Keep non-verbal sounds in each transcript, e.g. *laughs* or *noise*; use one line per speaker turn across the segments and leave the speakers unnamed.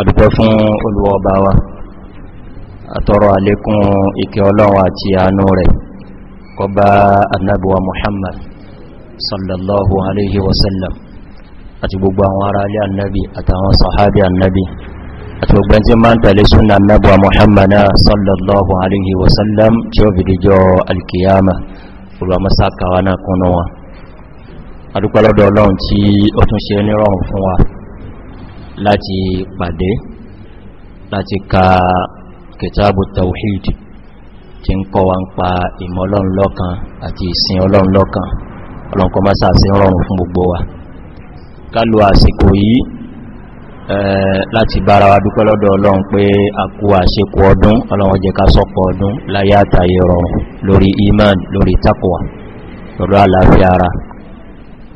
adúgbọ́ fún olùwọ̀ọba wa àtọrọ àlékún ìkẹ́ ọlọ́run àti àánú rẹ̀ kọba annabuwa muhammad sallallahu alaihi wasallam àti gbogbo àwọn ará alẹ́ annabi àtàwọn sahabi annabi àti gbogbo tí ma ń tàlé súnà annabuwa muhammad sallallahu alaihi wasallam tí ó fìdíjọ alkiyama olùwàmọ́sá kawana kúnnú wa adúgbọ́lọ́dọ̀ ọlọ́run tí ó tún ṣe nírọ̀rùn fún wa láti pàdé láti ka kìtàbù tawhid tí ń kọ́ wa ń pa ìmọ̀ ọlọ́run lọ́kan àti ìsìn ọlọ́run lọ́kan ọlọ́nkọ́ má sàásí rọrùn fún gbogbo wa kálù àsìkò yìí láti bára wa dúpẹ́ lọ́dọ̀ ọlọ́run pé a kú àṣekù ọdún ọlọ́run jẹ ká sọ́pọ̀ ọdún láyé àtàyè rọrùn lórí iman lórí takwa lórí àlàáfíà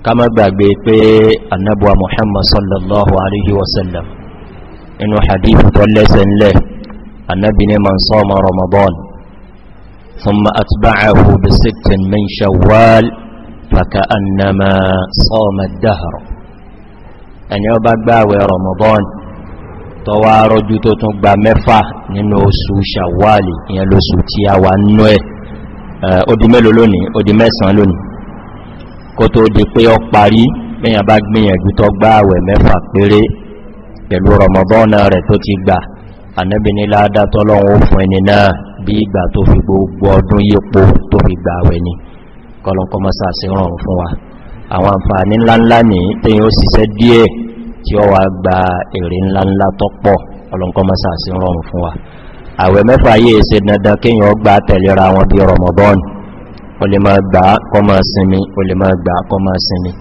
kama gbàgbé pé annabuwa muhammad sallallahu alaihi wasallam inu hadithu tó lẹ́sẹ̀ nlẹ̀ annabi ne man sọmọ ramadan thumma atba'ahu bi sittin min shawwal faka annama sọmọ dahar ẹni ọba gbàwẹ̀ ramadan tó wá rọjú tó tún gba mẹ́fà nínú oṣù shawwal ìyẹn lóṣù tí a wà nínú ẹ̀ ó di lónìí ó mẹ́sàn lónìí kó tó di pé ọ parí mẹ́yàn bá gbìyànjú tó gbá àwẹ̀ mẹ́fà péré pẹ̀lú rọmọbọ́nà rẹ̀ tó ti gbà ànẹ́bìní ládátọ́lọ́wọ́ fún ẹni náà bí ìgbà tó fi gbogbo ọdún yípo tó fi gbà àwẹ̀ ni kọlọ̀kọmọ́sá sí rọrùn fún wa àwọn àǹfààní ńláńlá ní tẹ́yìn ó ṣiṣẹ́ díẹ̀ tí ó wà gba èrè ńláńlá tọ́pọ̀ o lè máa gbà kọ máa sinmi o lè máa gbà kọ máa sinmi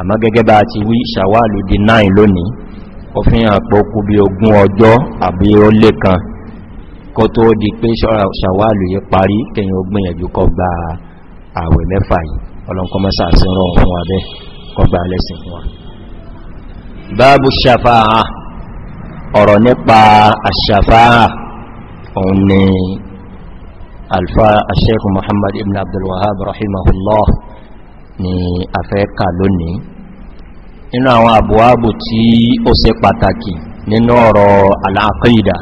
àmá gẹ́gẹ́ bá ti wí ṣàwálù di 9 lónìí ó fi hàn pọ̀ kú bí ogún ọjọ́ àbí ó lè kan kó tó di pé ṣàwálù yí parí kẹyìn ogbìyànjú kọ gba àwẹ̀ mẹ́fà yìí ọlọ́nkọmọ́sà alfa asheikh muhammad ibn abdulwahab rahimahullah ni afẹ́ka lónìí inú àwọn àbúwábù tí ó se pàtàkì nínú ọ̀rọ̀ aláàkídà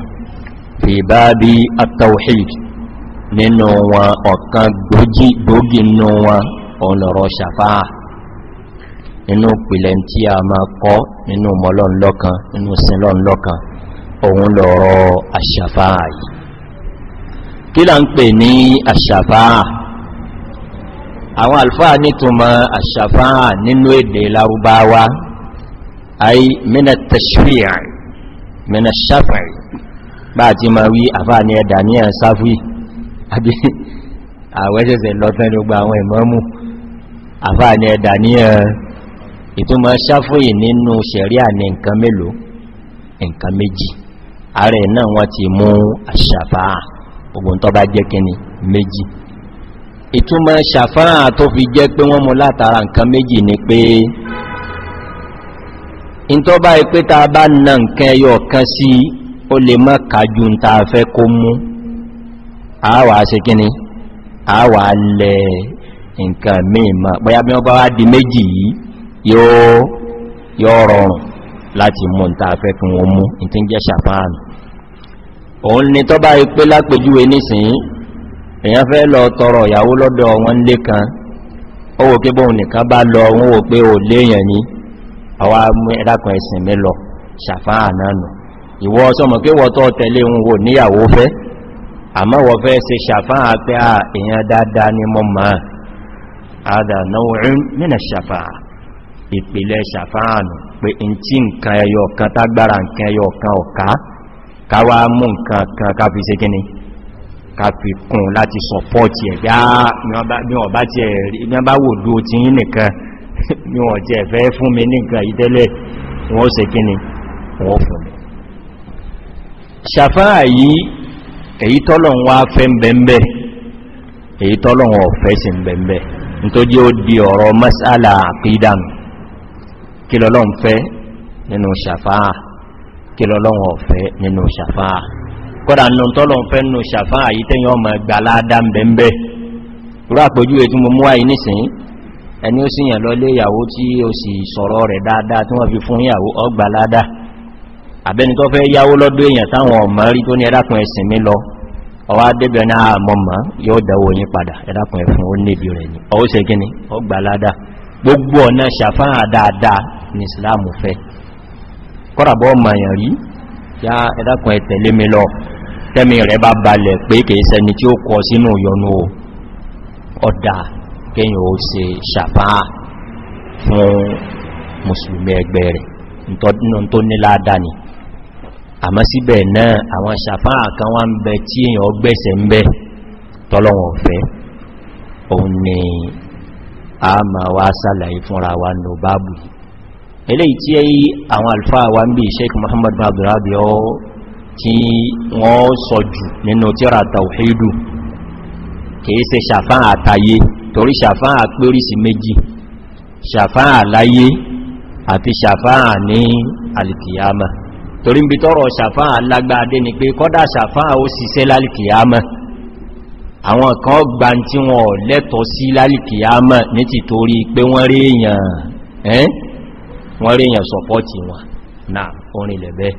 fi bá bí àtàwòhìd nínú wọn ọ̀kan gbógi nínú wọn ọlọ́rọ̀ ṣàfáà nínú pìlẹ̀ tí a máa kọ́ nínú mọ́lọ́nlọ́kan nínú sinlọ́nlọ́kan òun lọ́rọ̀ àṣàfáà yìí kí là ń pè ní àṣàfáà àwọn alfáà nítùmọ̀ àṣàfáà nínú èdè Lárúbáwá ay mina tashfi'i mina shafi'i bá ti ma wí àfáà ní ẹ̀dà ní ẹ̀sáfí àbí àwẹ́sẹsẹ̀ lọ́tẹ́ gbogbo àwọn ìmọ́mù àfáà ní ẹ̀dà ní ẹ̀ ìtúmọ̀ shafi'i nínú ṣẹ̀ríà ní nǹkan mélòó nǹkan méjì ààrẹ náà wọ́n ti mú àṣàfáà ogun tó bá jẹ́ kíni méjì ìtumọ̀ ṣàfáà tó fi jẹ́ pé wọ́n mú látara nǹkan méjì ni pé in tó bá na nǹkan ẹyọ kan sí ó lè mọ́ kàájú ń ta fẹ́ kó mú àwà ṣe kíni àwà lẹ nǹkan mímọ̀ bóyá bí wọ́n bá wá di méjì yìí yóò rọrùn láti mú ń ta fẹ́ kí wọ́n mú ìtí ṣàfáà nù òun ni tọ́ bá ipé lápèjúwe nísìnyí èyàn fẹ́ lọ tọrọ ìyàwó lọ́dọ̀ wọn lé kan ó wò pé bóhun nìkan bá lọ wọ́n wò pé ò léèyàn ní àwá ẹ̀dàkùn ẹ̀sìn mi lọ fe ìpìlẹ̀ pé nǹkan kan nǹkan kan káwà mú nǹkan kan ká fi ṣe kíni ká fi kún láti sọpọ́tì ẹ̀ bí wọ́n bá ti ẹ̀rí bí wọ́n bá wò dúó ti yí nìkan *laughs* bí wọ́n ti ẹ̀fẹ́ fún mi nìkan ìtẹ́lẹ̀ wọ́n ṣe kíni wọ́n fún mi ṣàfáà yìí èyí tọ́lọ̀n wá fẹ́ mbẹ̀mbẹ̀ èyí tọ́lọ̀n ọ̀fẹ́ kí lọ́lọ́wọ́ ọ̀fẹ́ nínú ṣàfáà kọ́dà nù tọ́lọ̀ fẹ́ nù ṣàfáà yí tẹ́yàn ọmọ ẹgbà aládá mbẹ̀mbẹ̀ rú àpójú ètù mú wáyé nìsìn ẹni ó síyàn lọ lé ìyàwó tí ó sì sọ̀rọ̀ rẹ̀ dáadáa tí wọ́n fi fún ìyàwó ọgbà aládá àbẹ́ni tó fẹ́ yáwó lọ́dọ̀ èèyàn táwọn ọmọ rí tó ní ẹdákùn ẹ̀sìn mi lọ ọwá débẹ̀ ní gbogbo ọ̀nà ṣàfáà dáadáa ní ìsìláàmù fẹ́ kọ́ràbọ́ mayàn rí ya ẹ̀dàkùn ẹ̀tẹ̀lé mi lọ tẹ́mi rẹ̀ bá balẹ̀ pé kìí sẹni tí ó kọ sínú yọnú ọ̀dà kíyàn ó se ṣàfá fún musulmi ẹgbẹ́ rẹ̀ tó níláadá ni àmọ́ síbẹ̀ náà àwọn ṣàfá kan wá ń bẹ tí èyàn ọgbẹ̀sẹ̀ ń bẹ tọ́lọ́wọ̀n ọ̀fẹ́ eléyìí tí ẹyí àwọn alfáà wa ń bí sheik muhammad abdurrabi ọ tí wọ́n sọ jù nínú tíra tàwíìdù kìí se ṣàfáà àtàyé torí ṣàfáà pérìsì méjì ṣàfáà láyé àti ṣàfáà ní alìkìyàmà torí bí tọ́rọ ṣàfáà lágbàádé ni pé kọ́dá ṣàfáà ó siṣẹ́ lálìkìyàmà àwọn kan gbà tí wọ́n lẹ́tọ̀ sí lálìkìyàmà ní ti pé wọ́n rí èèyàn ẹ́n wọ́n rí èyàn sọpọ́tì wọn na orin lẹ̀bẹ́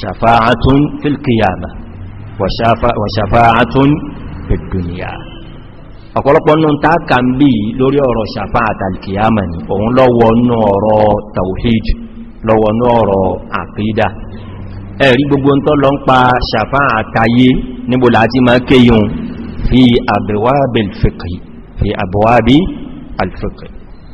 ṣàfáàtún fílkìyàmà wàṣàfáàtún fìdùnìyà ọ̀pọ̀lọpọ̀ náà tààkà ń bí lórí ọ̀rọ̀ ṣàfáàtàlkìyàmà ni òun lọ́wọ́ nú ọ̀rọ̀ tawhid lọ́wọ́ nú ọ̀rọ̀ àkídà ẹ̀rí gbogbo ń tọ́ lọ ń pa ṣàfáàtàyé níbo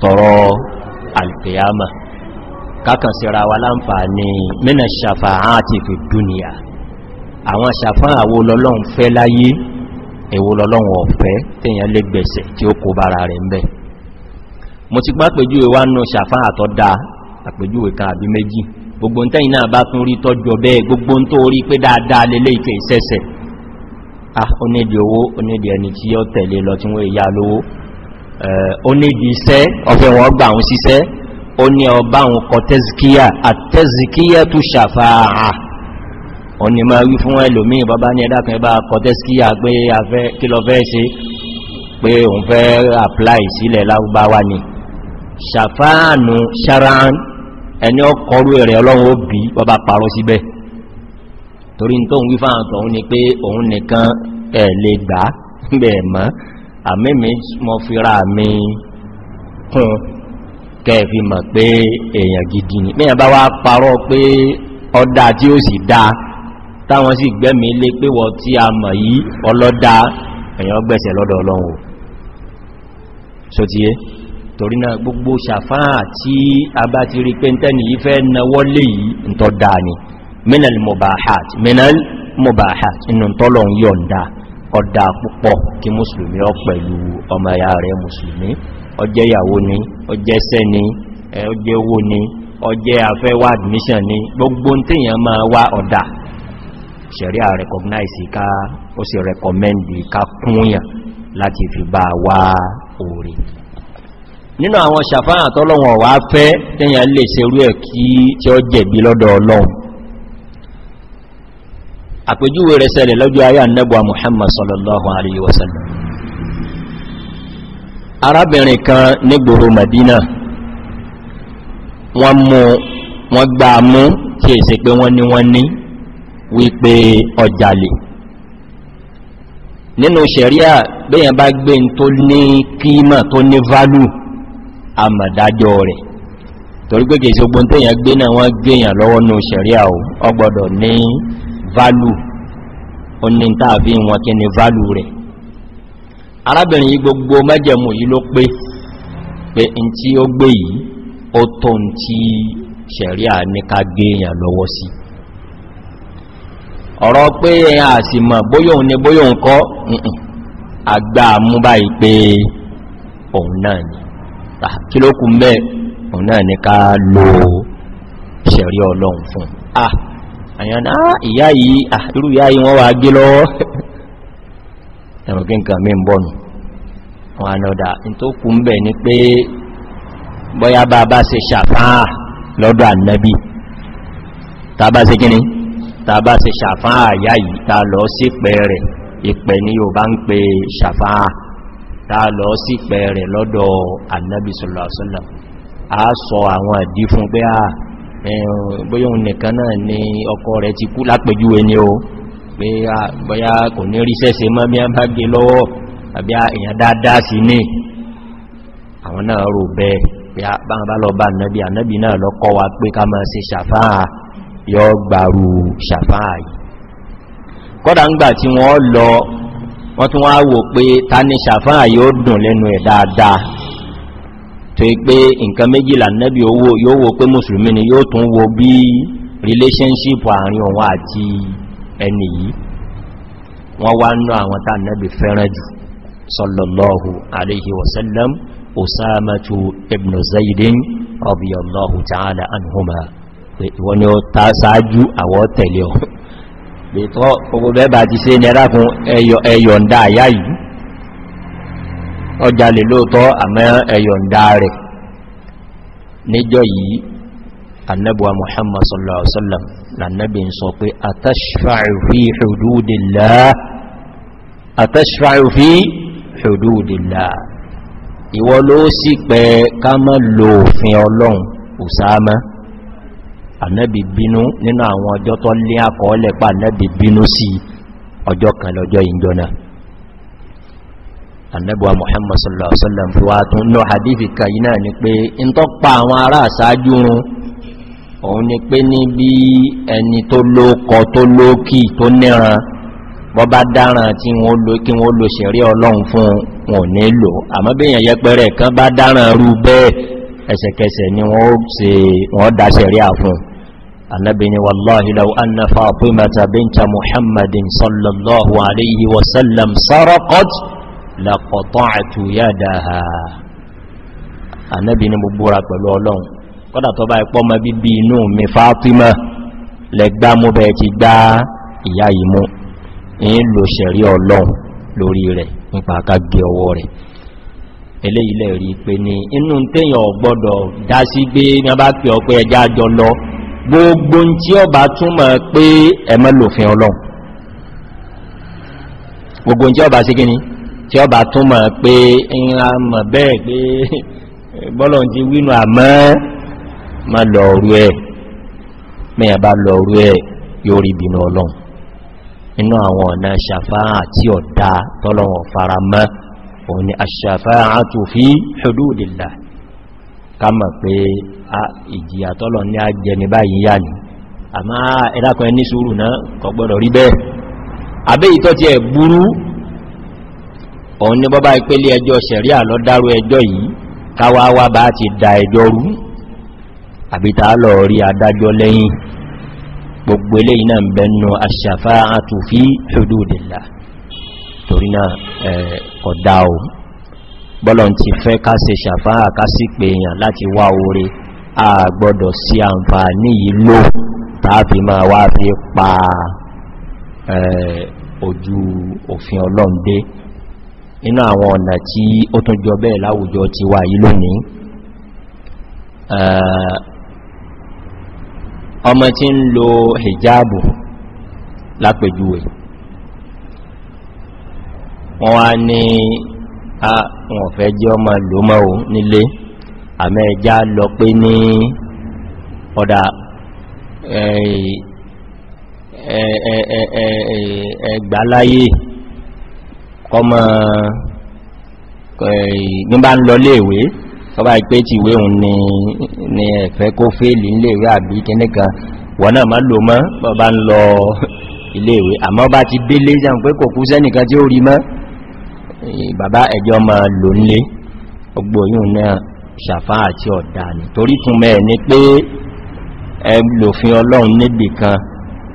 tọrọ alkiyama kákan síra wa láǹfààní mínà ṣàfàá àti fi dúnìyà àwọn ṣàfàá àwọ lọ́lọ́un fẹ́ láyé èwo lọ́lọ́un ọ̀fẹ́ tíyàn lè gbẹ̀sẹ̀ tí ó kó bára rẹ̀ ń bẹ̀ mo ti gbá pèjúwe wá nù ṣàfàá àtọ́ dáa àpèjúwe kan àbí méjì gbogbo ń tẹ́yìn náà bá tún rí tọ́jú ọbẹ̀ gbogbo ń tó rí pé dáadáa lélé ìkẹ́ ìsẹ́sẹ̀ ah onídi owó onídi ẹni tí yóò tẹ̀lé lọ tí wọ́n ìyá lówó ó ní ìdí iṣẹ́ ọ̀fẹ́ wọn gbà àwọn síṣẹ́ ó ní ọba àwọn kọ tẹ́zikíyà àtẹ́zikíyà tó ṣàfàà ó ní máa wí fún ẹlòmí bàbá ní ẹ̀dàkùn ẹbá kọ tẹ́zikíyà pé afẹ́ kí lọ fẹ́ ṣe pé òun fẹ́ apply sílẹ̀ lágbàwà ni ṣàfàánù ṣaraan ẹni ọkọrú ẹ̀rẹ̀ ọlọ́run ó *laughs* àmìmì mọ́ fíra mi kún kẹfì mọ̀ pé èèyàn gidi ni mẹ́yàn bá wá parọ́ pé ọdá tí ó sì dá táwọn sì gbẹ́mí lé pé wọ tí a mọ̀ yí ọlọ́dá èèyàn gbẹ̀sẹ̀ lọ́dọ̀ ọlọ́run so ti yé torí náà gbogbo ṣàfáà tí a bá ti mubahat minal mubahat inú tọ́lọ̀ yọ̀nda ọ̀dá púpọ̀ kí mùsùlùmí ọ pẹ̀lú ọmọ ya rẹ̀ mùsùlùmí ọjẹ́ ìyàwó ni ọjẹ́ sẹ́ ni ọjẹ́ owó ni ọjẹ́ afẹ́wà admission ni gbogbo tíyàn máa wá ọ̀dá ṣẹ̀ríà recognize ká ó sì recommend ká kúnyàn láti fi bá wá orí nínú àwọn ṣàfáà tọ́lọ́wọ̀n wá fẹ́ tíyàn lè ṣerú ẹ̀ kí tí ó jẹ̀bi lọ́dọ̀ ọlọ́run àpèjúwe rẹ̀ sẹlẹ̀ lọ́jọ́ ayá nẹ́bùwa muhammad sallallahu alaihi wasallam arábìnrin kan nígboro madina wọ́n mú wọ́n gbà mú tí è sì pé wọ́n ní wọ́n ní wípé ọjàlè nínú sẹ̀ríà bẹ́yàn bá gbé tó ní tó ní válù àmàdájọ́ rẹ̀ ogun gbé náà wọ́n gbéyàn lọ́wọ́ nínú sẹ̀ríà valu o ní tàà fi wọn kí ni valu re arábìnrin yí gbogbo mẹ́jẹ̀mù yí ló pé pé in tí ó gbé yìí ó tó ń tí sẹ̀ríà ní ká gbé èyàn lọ́wọ́ sí ọ̀rọ̀ pé èyàn àsìmọ̀ bóyóhun ní bóyóhun kọ́ àgbà mú báyìí pé òun náà ni kí ló kú mẹ́ òun náà ni ká lo sẹ̀rí ọlọ́run fún ah àyàn ah, ìyá yìí àìrú ah, ìyá yìí wọ́n wà gé lọ́wọ́ *laughs* ẹ̀rùn kí n kà mí ń bọ̀nù wọn ànàdà in tó kú ń bẹ̀ ni pé bọ́yá bá bá se ṣàfáà lọ́dọ̀ ànàbí ta bá se gíní ta bá se ṣàfáà àyá yìí ta lọ sí pẹ̀ rẹ̀ ìpẹ̀ ni yóò bá ń pe ṣàfáà ta lọ sí pẹ̀ rẹ̀ lọ́dọ̀ ànàbí sọ̀lọ̀ bóyóhun nìkan náà ni ọkọ rẹ̀ ti kú lápẹjú ẹni o pé ah, bóyá kò ní rí sẹ́sẹ mọ́ bí a bá gbé e lọ́wọ́ àbí èyàn dáadáa sí ní àwọn náà rò bẹ́ ah, bá lọ bá nẹ́bí ànẹ́bí náà lọ kọ́ wa pé ká máa se ṣàfáà yọ gbàrù ṣàfáà yìí kọ́dà ń gbà tí wọ́n lọ wọ́n tún wá wò pé ta ni ṣàfáà yóò dùn lẹ́nu ẹ̀ dáadáa tó yí pé nǹkan méjìlá nẹ́bí owó yóò wo pé mùsùlùmí ni yóò tún wo bí relationship àárín òun àti ẹni yìí wọ́n wá ń náà àwọn tàà nẹ́bí fẹ́ràn jù sallallahu alaihi wasallam usamatu ibn zaidin radiyallahu ta'ala anhuma wọ́n ni ó ta sáájú àwọ́ ọjà lè lóòtọ́ àmẹ́ ẹ̀yọ̀ǹdà rẹ̀ níjọ́ yìí annabuwa muhammad sallallahu alaihi wasallam na nabi n sọ pé atashfa'iru fi hududilla ìwọ ló sì pẹ ká mọ́ lòfin ọlọ́run òsáàmá annabi bínú nínú àwọn ọjọ́ tó lé àkọọ́lẹ̀ pa annabi bínú sí ọjọ́ kan lọ́jọ́ ìjọ náà annabuwa muhammad sallallahu alaihi wasallam fi wa tun lo hadithi ka yi náà ni pé in tó pa àwọn ará àsájú run òun ni pé ní bí ẹni tó lóòkọ tó lóòkì tó níran bọ́ bá dáràn tí wọ́n lò kí wọ́n lò ṣẹ̀rí ọlọ́run fún wọn ní lò àmọ́ bí èyàn yẹpẹrẹ kan bá dáràn rú bẹ́ẹ̀ ẹsẹ̀kẹsẹ̀ ni wọ́n se wọ́n dá ṣẹ̀rí àfún annabini wallahi lau anna fatimata binta muhammadin sallallahu alaihi wasallam sarakot lẹ́kọ̀tọ́ àtù yádáha anẹ́bì ní gbogbo pẹ̀lú ọlọ́run kọ́dà tó bá ipọ́ ma bíbí inú mi fátímà lẹ́gbá mú bẹ́ẹ̀ ti gbá ìyá ìmú in lò ṣẹ̀rí ọlọ́run lórí rẹ̀ nípa akágbé ọwọ́ rẹ̀ eléyìnlẹ̀ rí pé ní inú tẹ́yàn ọgbọ́dọ̀ dá sí gbé ní bá pẹ̀ ọpẹ́ ẹjá jọ lọ gbogbo tí ọ bá túnmọ̀ pé ẹmọ́ ọlọ́run tí ọba tún mọ̀ pé ìrìnà mọ̀ bẹ́ẹ̀ pé bọ́lọ̀ ti wínú àmọ́ ma lọ orú ẹ̀ mẹ́yà bá lọ orú ẹ̀ yóò rí bínú ọlọ́run inú àwọn ọ̀nà ṣàfáà àti ọ̀dá tọ́lọ̀wọ̀n fara mọ́ òun ni àṣàfáà àtò fi ṣòdúdìlà ká mọ̀ pé ìjìyà tọ́lọ̀ ní ajẹni báyìí yà ní àmá ẹ̀dàkọ̀ ẹni sùúrù náà kọgbọ́dọ̀ rí bẹ́ẹ̀ àbẹ́ ìtọ́ ti ẹ̀ burú òun ní bọ́bá ìpele ẹjọ́ sẹ̀ríà lọ dárú ẹjọ́ yìí káwàáwà bá ti da ẹjọ́ rú àbítà lọ rí adájọ́ lẹ́yìn gbogbo ilé iná bẹnu àṣàfá àtúfí hududilla torí náà ọ̀dá o bọ́lọ̀ ti fẹ́ ká se ṣàfá àkásí pé èèyàn láti wá oore a sí àǹfààní yìí ló tàbí máa wá fi pa ojú òfin ọlọ́ndé inú àwọn ọ̀nà tí ó tún jọ bẹ́ẹ̀ láwùjọ ti wà yí lónìí eh, ọmọ tí ń lo hijabu lápẹjúwẹ̀ wọ́n wá ní a wọ́n fẹ́ jẹ́ ọmọ lò nílé àmẹ́ lọ pé ní ọ̀dà eh, eh, kọmọ nígbà ń lọ léèwé ọba ìpé ti ìwé òun ni ẹ̀fẹ́ kó fèèlì ń léèwé àbí kẹ́nìkan wọ́n náà má lò mọ́ bọ́bá ń lọ *laughs* iléèwé àmọ́ bá ti délé jẹun pé kò kú sẹ́nìkan tí ó rí mọ́ bàbá ẹjọ́ ma lò nílé ọgbò yíò náà ṣàfá àti ọ̀dà nì torí fún mẹ́ ní pé ẹ lòfin ọlọ́run níbìkan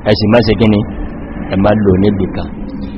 ẹ̀sì mẹ́sẹ̀ gíní ẹ má lò níbìkan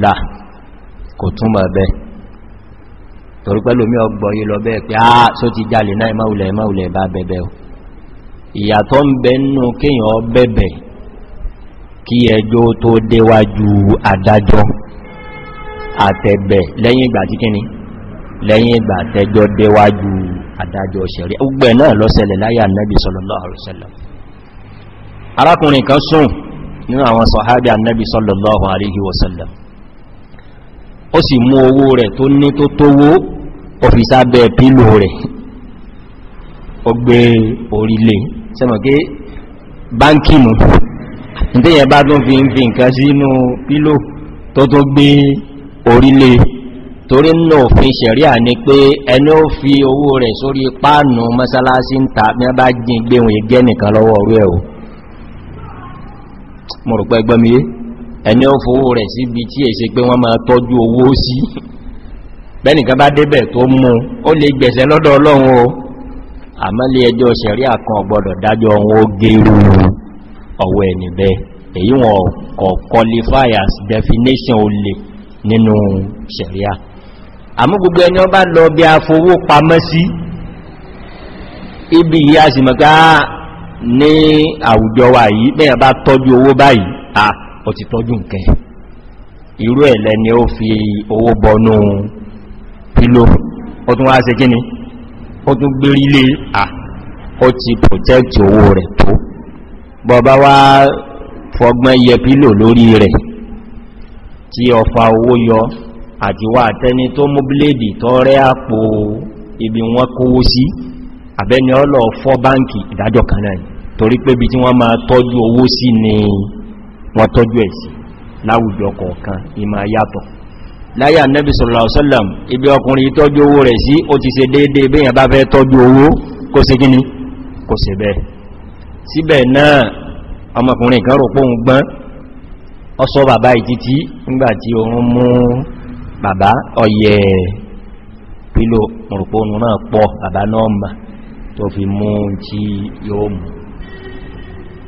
là kò túnmọ̀ bẹ́ torí pẹ́lú mí ọgbọ̀yí lọ bẹ́ẹ̀ pé àà só ti jalè náà ìmáulẹ̀ ìmáulẹ̀ bá bẹ̀bẹ̀ o ìyàtọ̀ ń bẹ nínú kíyàn bẹ̀bẹ̀ kí ẹjọ́ tó déwájú adájọ́ àtẹ̀bẹ̀ lẹ́yìn ìgbà tí kíni lẹ́yìn ìgbà tẹjọ́ déwájú adájọ́ ṣẹ̀rí ọgbẹ̀ náà lọ́sẹ̀lẹ̀ láyà nẹ́bí sallallahu alaihi wasallam arákùnrin ó sì mú owó rẹ̀ tó ní tó tówó ọ̀fíìsá bẹ pílò rẹ̀ ọgbẹ́ orílẹ̀ sẹ́mọ̀ pé báńkì nù ìdíyẹ bá tún fi ń fi nǹkan sínú pílò tó tó gbé orílẹ̀ torí nà òfin ṣẹ̀ríà ni pé ẹni ó fi owó rẹ̀ sórí páànù mọ́sálásí ń ta ní bá jí gbéhùn lọ́wọ́ orí ẹ̀ mọ̀rùpẹ́ gbọ́mìyé ẹni ó fowó rẹ̀ síbi tí èsẹ pé wọ́n máa tọ́jú owó sí bẹ́nìkan bá débẹ̀ tó mú ó lè gbẹ̀sẹ̀ lọ́dọ̀ ọlọ́run o àmọ́lé ẹjọ́ sẹ̀rí àkan ọ̀gbọ́dọ̀ dájọ́ wọn ó gẹ́rù ọwọ́ ẹni bẹ́ èyí wọn kọ̀ qualify as definition ó lè nínú sẹ̀ríà àmú ẹni ọ a ó ti tọ́jú nkẹ́ irú ẹ̀lẹ́ ni ó fi owó bọnú pílò ó tún wá ṣe kíni ó tún gbérí lé à ó ti protect owó rẹ̀ tó bọ́bá wá fọgbọ́n yẹ pílò lórí rẹ̀ tí ọfà owó yọ àti wà tẹni tó mú bléèdì tọ́ rẹ́ àpò ibi wọn kówó sí àbẹ́ni ọlọ́ fọ́ báǹkì ìdájọ́ kan náà torí pé bí tí wọ́n máa tọ́jú owó sí ni wọ́n tọ́jú ẹ̀ sí láwùjọ kọ̀ọ̀kan ìmọ̀ yàtọ̀ láyà nẹ́bí sọ̀rọ̀lọ́sọ́lọ̀m ibi ọkùnrin tọ́jú owó rẹ̀ sí ó ti se déédéé bí yàn bá fẹ́ tọ́jú owó kó se gíní kò se bẹ́ síbẹ̀ náà ọmọkùnrin kan rò pòun gbọ́n ọsọ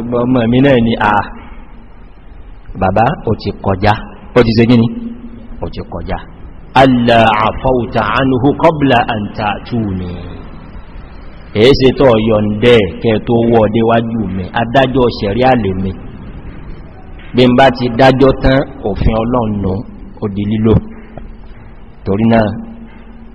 *laughs* ọmọ mi náà ni a ah, bàbá o ti kọjá o ti ṣe gíní o ti kọjá alla afauta anhu qabla an ta'tuni èése tó yọ̀ndẹ̀ kẹ tó wọ́ déwájú mi adájọ́ sẹ̀rí àlè mi bí n bá ti dájọ́ tán òfin ọlọ́nà ó di lílò torí náà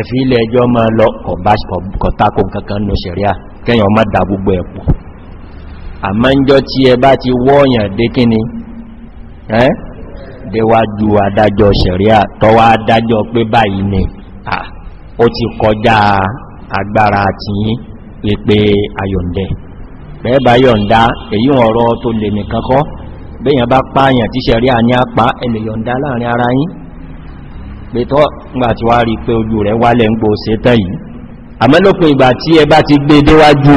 ẹ̀fí ilẹ̀ ẹjọ́ ma lọ kọ̀tákò kankan ní ṣẹ̀ríà kẹyàn má dà gbogbo ẹ̀pọ̀ àmá ń jọ tí ẹ bá ti wọ́ọ̀yàn dé kíni ẹ́ déwájú adájọ́ ṣẹ̀ríà tọ́wọ́ adájọ́ pé báyìí ni ó ti kọjá agbára àti wípé ayọ̀ndẹ̀ bẹ́ẹ̀bá yọ̀ndá èyí ọ̀rọ̀ tó lè nìkan kọ́ bẹ́yàn bá pààyàn tí ṣẹ̀ríà ní apá ẹlẹ́yọ̀ndá láàrin ara yìí pé tọ́ ìgbà tí wá rí pé ojú rẹ̀ wálẹ̀ ń gbò ṣe tán yìí àmẹ́lòpin ìgbà tí ẹ bá ti gbé e déwájú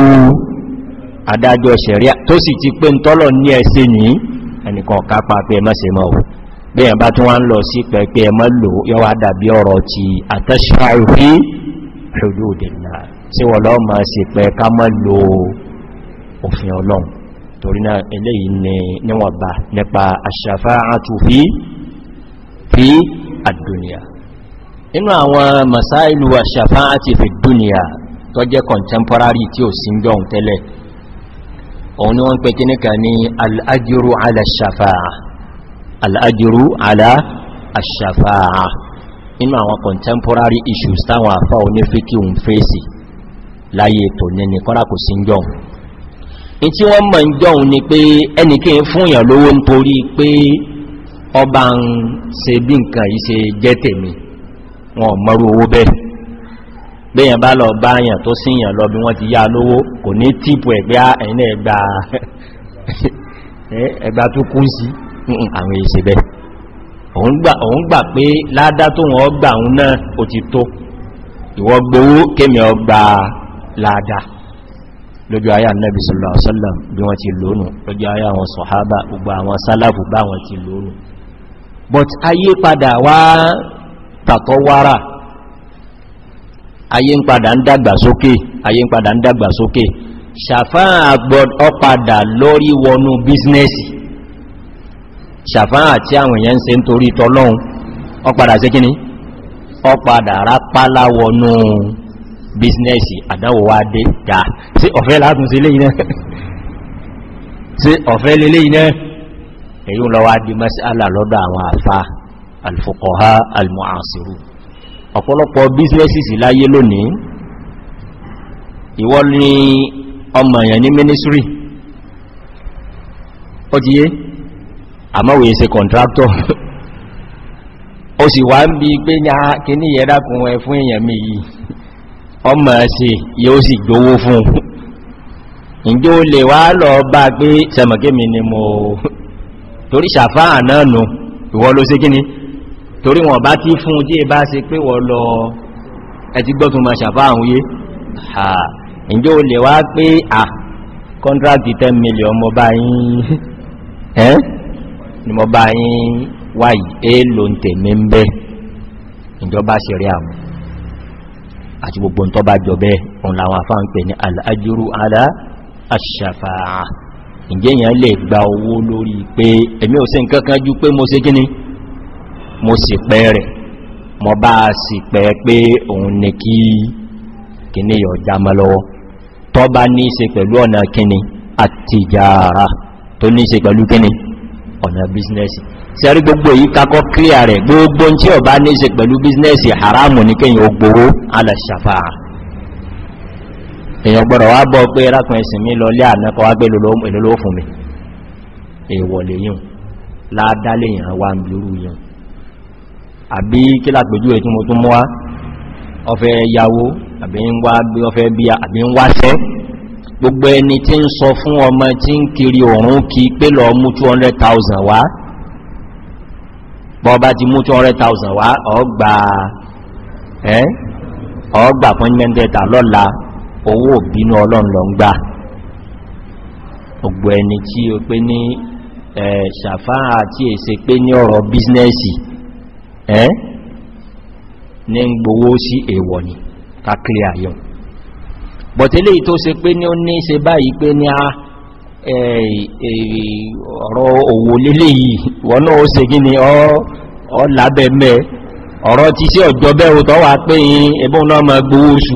adájọ́ ṣẹ̀ríà tó sì ti pé ń tọ́lọ̀ ní ẹsẹ ní ẹnìkan kápa pé ẹmọ́sẹ̀ mọ́ ò bí ẹ̀bá tún wá ń lọ sí pẹ̀pẹ̀ ẹmọ́ lò yọ́wà dàbí lo òfin ọlọ́run torí náà eléyìí ni níwọ̀nba nípa àṣàfáà àtúfí fi àdúnìyà inú àwọn masáìlú àṣàfá àti fi dúnìyà tó jẹ́ contemporary tí ó sí ń jọun tẹ́lẹ̀ òun ni wọ́n pẹ́ kí níka ní al'ajiru ala ṣàfáà inú àwọn contemporary issues táwọn àfá onífíkí ń fèsì láyé tò ní ní kọ́rà kò sí ń jọun in tí wọ́n mọ̀ ń jọun ni pé ẹnikẹ́ fún ìyàn lówó ń torí pé ọba ń se bí nǹkan yìí se jẹ́ tèmi wọn mọ́rú owó bẹ́ẹ̀ bẹ́yàn bá lọ bá yàn tó síyàn lọ bí wọ́n ti yá lówó kò ní tíìpù ẹ̀gbẹ́ ẹ̀yìn ẹgbà tó kún sí àwọn èsè bẹ́ òun gbà pé ládá tó wọ́n gbà ń náà ó ti tó ìwọ́ gbówó kémi ọgbà ládá lójú ayá nẹ́bí bí wọ́n ti lónù lójú ayá àwọn sọ̀hábà gbogbo àwọn sálàfù bá wọ́n ti lónù but ayé padà wá tàtọ́ wára ayé ń padà ń dàgbà sókè ayé ń padà ń dàgbà sókè ṣàfáà àgbọ̀d ọpadà lórí wọnú bísínẹ́sì ṣàfáà àti àwọn èèyàn se ń torí tọ́lọ́un ọpadà sí kíní ọpadà rápálá wọnú bísínẹ́sì àdáwò dáa sí ọ̀fẹ́ látún sí ilé iná èyí lọ wá di masala lọ́dọ̀ àwọn àfá alfukọha almuasiru ọ̀pọ̀lọpọ̀ bísínẹ́sìsì láyé lónìí ìwọ́ ní ọmọ èèyàn ní ministry ó ti yé àmọ́wèé se contractor ó sì wá ń bí pé ní kíní ẹ̀dàkùn ẹ fún èèyàn mi yìí ọmọ ẹ̀sẹ̀ yóò sì gbówó fún ǹjẹ́ lè wá lọ bá pé sẹmọ̀kémi ni mo torí ṣàfá ànánù ìwọ ló sí kíní torí wọn bá tí fún tí è bá ṣe pé wọ́n lọ ẹti gbọ́tún ma ṣàfá àwọn yé à ìjọ olè wá pé à kọ́ntrakì 10 million mọ́ bá yín *laughs* ẹ́ ni mọ́ bá yín wáyìí èèlò ń tèmi ń bẹ́ ìjọba ṣe rí àwọn àti gbogbo ń tọ́ bá jọ bẹ́ẹ̀ òun afá ń pè ní al'ajúrú alá àṣàfàá ǹjẹ́ èyàn lè gba owó lórí pé èmi ò sí nǹkankan jú pé mo sí gíní mo sì pẹ́ rẹ̀ mọ bá sì pẹ́ pé òun ní kí kìíní yọ jámọ́ lọ́wọ́ tọ́ bá ní ṣe pẹ̀lú ọ̀nà kíní àti ìjàrà tó ní ṣe pẹ̀lú kíní ọ̀nà bísínẹ́sì sí àrí gbogbo èyí kakọ́ kíríà rẹ̀ gbogbo ní ṣe pẹ̀lú bísínẹ́sì haramu ní kíyàn ó gbòrò alàṣàfàà èyàn gbọ́dọ̀ wá bọ́ pé rákùn ẹ̀sìn mi lọ lé ànákọ wá gbé lóló fún mi èèwọ̀lẹ̀ yìí ládálé èyàn wá ń bírú yìí àbí kí lápẹjú ètí mo tún mọ́ ọfẹ́ yàwó àbí ń wá bí ọfẹ́ bí àbí ń wáṣẹ́ gbogbo ẹni tí ń sọ fún ọmọ tí ń kiri òun mú wá bọ́ ti mú 200,000 wá ọgbà ẹ́ ọgbà fún mẹ́ntẹ́ta lọ́la owó òbínú ọlọ́nlọ ń gbá ògbò ẹni tí ó pé ní ṣàfáà àti èsè pé ní ọ̀rọ̀ bíznẹ́sì ẹ́ ní ń gbowó sí èwọ̀ ni kákílẹ̀ àyọ̀ bọ̀tẹ́lẹ̀ tó se pé ní ó ní ṣe báyìí pé ní a ọ̀rọ̀ òwò lélẹ̀ yìí wọ́n náà ó se gíní ọ lábẹ̀ mẹ́ ọ̀rọ̀ ti sí ọ̀jọ́ bẹ́rù tọ́wà pé ẹbọ́n náà ma gbowó oṣù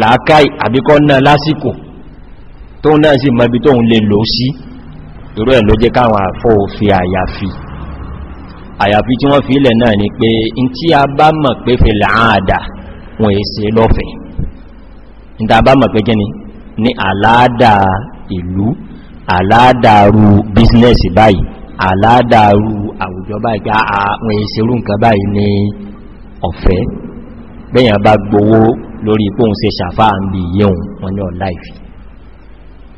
làákàí àbíkọ́ náà lásìkò tó náà sì mọ́bí tó ń lè lò sí ìró ẹ̀ ló jẹ́ káwọn àfọ́ òfin àyàfi àyàfi tí wọ́n fi ilẹ̀ náà ni pé in tí a bá mọ̀ pé fẹ́ láàdà wọn èsè lọ́fẹ̀ in tí a bá mọ̀ pé gẹ́ni ní àláàdà ìlú àláàdàrú bísínẹ̀sì báyìí àláàdàrú àwùjọ báyìí pé àwọn èsè bẹ́yàn bá gbowó lórí pòun se ṣàfá ń bí yíò wọn ní ọ̀lá ìfì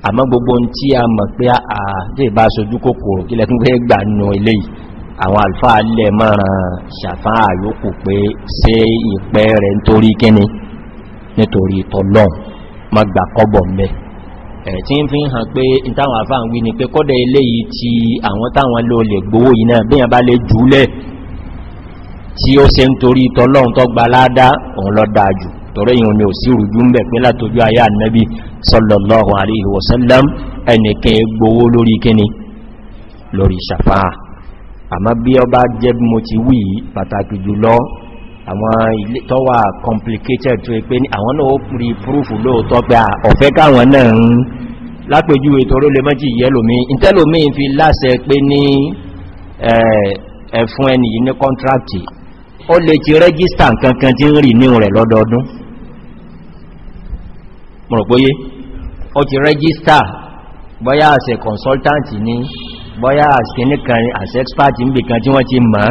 àmọ́ gbogbo tí a mọ̀ pé a jẹ́ ìbá sojú kòkòrò kí lẹ́kún pé gbà nù ilé àwọn alfa alẹ́ mọ́ràn ṣàfá àyókù pé sí ìpẹ́ rẹ̀ nítorí kíni nítorí tọ́lọ́n mọ́ gbà kọ́bọ̀ mẹ́ tí ó se ń torí tọ́lọ́n tó gbaládá òun lọ jù tọrọ èyàn ni ò sí rùjú ń bẹ̀ pé látojú ayá annabi sallallahu alaihi wasallam ẹnìkan gbowó lórí kíni lórí ṣàfáà àmá bí ọ bá jẹ́ bí mo ti wí pàtàkì jùlọ àwọn ilé tó wà complicated tó pé ní àwọn náà ó rí púrúfù lóòtọ́ pé ọ̀fẹ́ káwọn náà ń lápèjúwe tọrọ lè mọ́jì yẹ́lòmí ìtẹ́lòmí fi láṣẹ pé ní ẹ̀fún ẹni yìí ní kọ́ntrakti ó lè ti rẹ́gísítà kankan tí ń rí ní rẹ̀ lọ́dọọdún mọ̀rọ̀póyé ó ti rẹ́gísítà bọ́yá àṣẹ consultant ní bọ́yá àṣẹ nìkan àṣẹ expert ń bìkan tí wọ́n ti mọ̀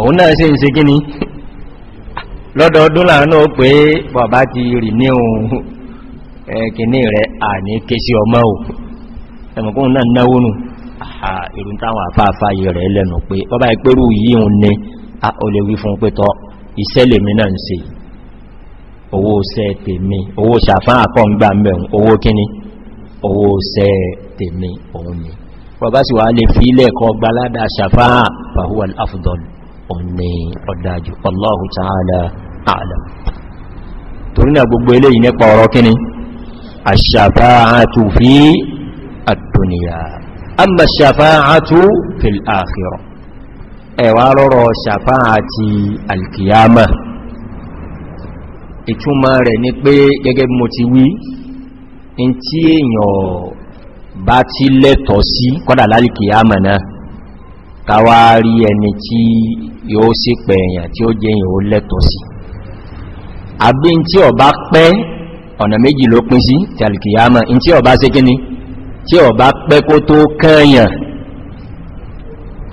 òun náà sí ìṣe gíní lọ́dọọdún láàánú pé bàbá ti rì ní ohun ẹkìní rẹ̀ à ní ké sí ọmọ ò ẹmọ̀kún náà náwó nù ìrùn táwọn àfáàfá yìí a ò lè wí fún owó ṣẹ́ tèmi owó ṣàfán àkọ́ǹgbà mẹ́rin owó kíní owó ṣẹ́ tèmi òun ni bọ̀bá sì wà lè fi ilẹ̀ kan gbalada ṣàfán fàhúwà afdol òun ni ọ̀dájú allahu ta'ala alam torí náà gbogbo eléyìí nípa ọ̀rọ̀ kíní àṣàfáàtù fi ìtúnmà rẹ̀ ni pé gẹ́gẹ́ bí mo ti wí in tí èyàn bá ti lẹ́tọ̀ sí kọ́dà lálìkì àmànà káwà rí ẹni tí yóò sí pẹ̀ èyàn tí ó jẹ́ èyàn ó lẹ́tọ̀ sí àbí in tí ọba pẹ́ ọ̀nà méjì ló pín sí tí alìkì àmà in tí ọba sí kíní tí ọba pẹ́ kó tó kẹ́yàn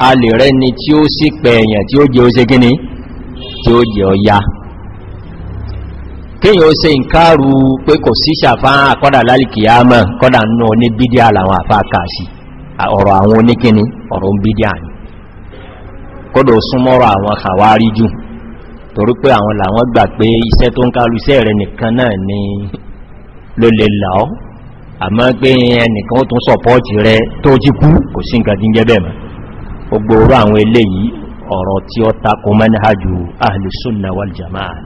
a lè rẹ́ni tí ó sí pẹ̀ èyàn tí ó jẹ́ ó sí kíní tí ó jẹ́ ọya kíyàn ó se ń káàrù pé kò sí ṣàfáà kọ́dà lálìkìyàmọ̀ kọ́dà náà ní bídíà làwọn àfáàkàṣì ọ̀rọ̀ àwọn oníkíní ọ̀rọ̀ ń bídíà ní kọ́dà ó súnmọ́rọ̀ àwọn àwárí jù torí pé àwọn làwọn gbà pé iṣẹ́ tó ń kálù iṣẹ́ rẹ̀ nìkan náà ni ló lè làọ́ àmọ́ pé ẹnìkan ó tún sọpọ́ọ̀tì rẹ tó jí kú kò sí nǹkan tí bẹ̀ mọ́ gbogbo orú àwọn eléyìí ọ̀rọ̀ tí ó takò mẹ́nìhàjù ahlùsùn náà jama'a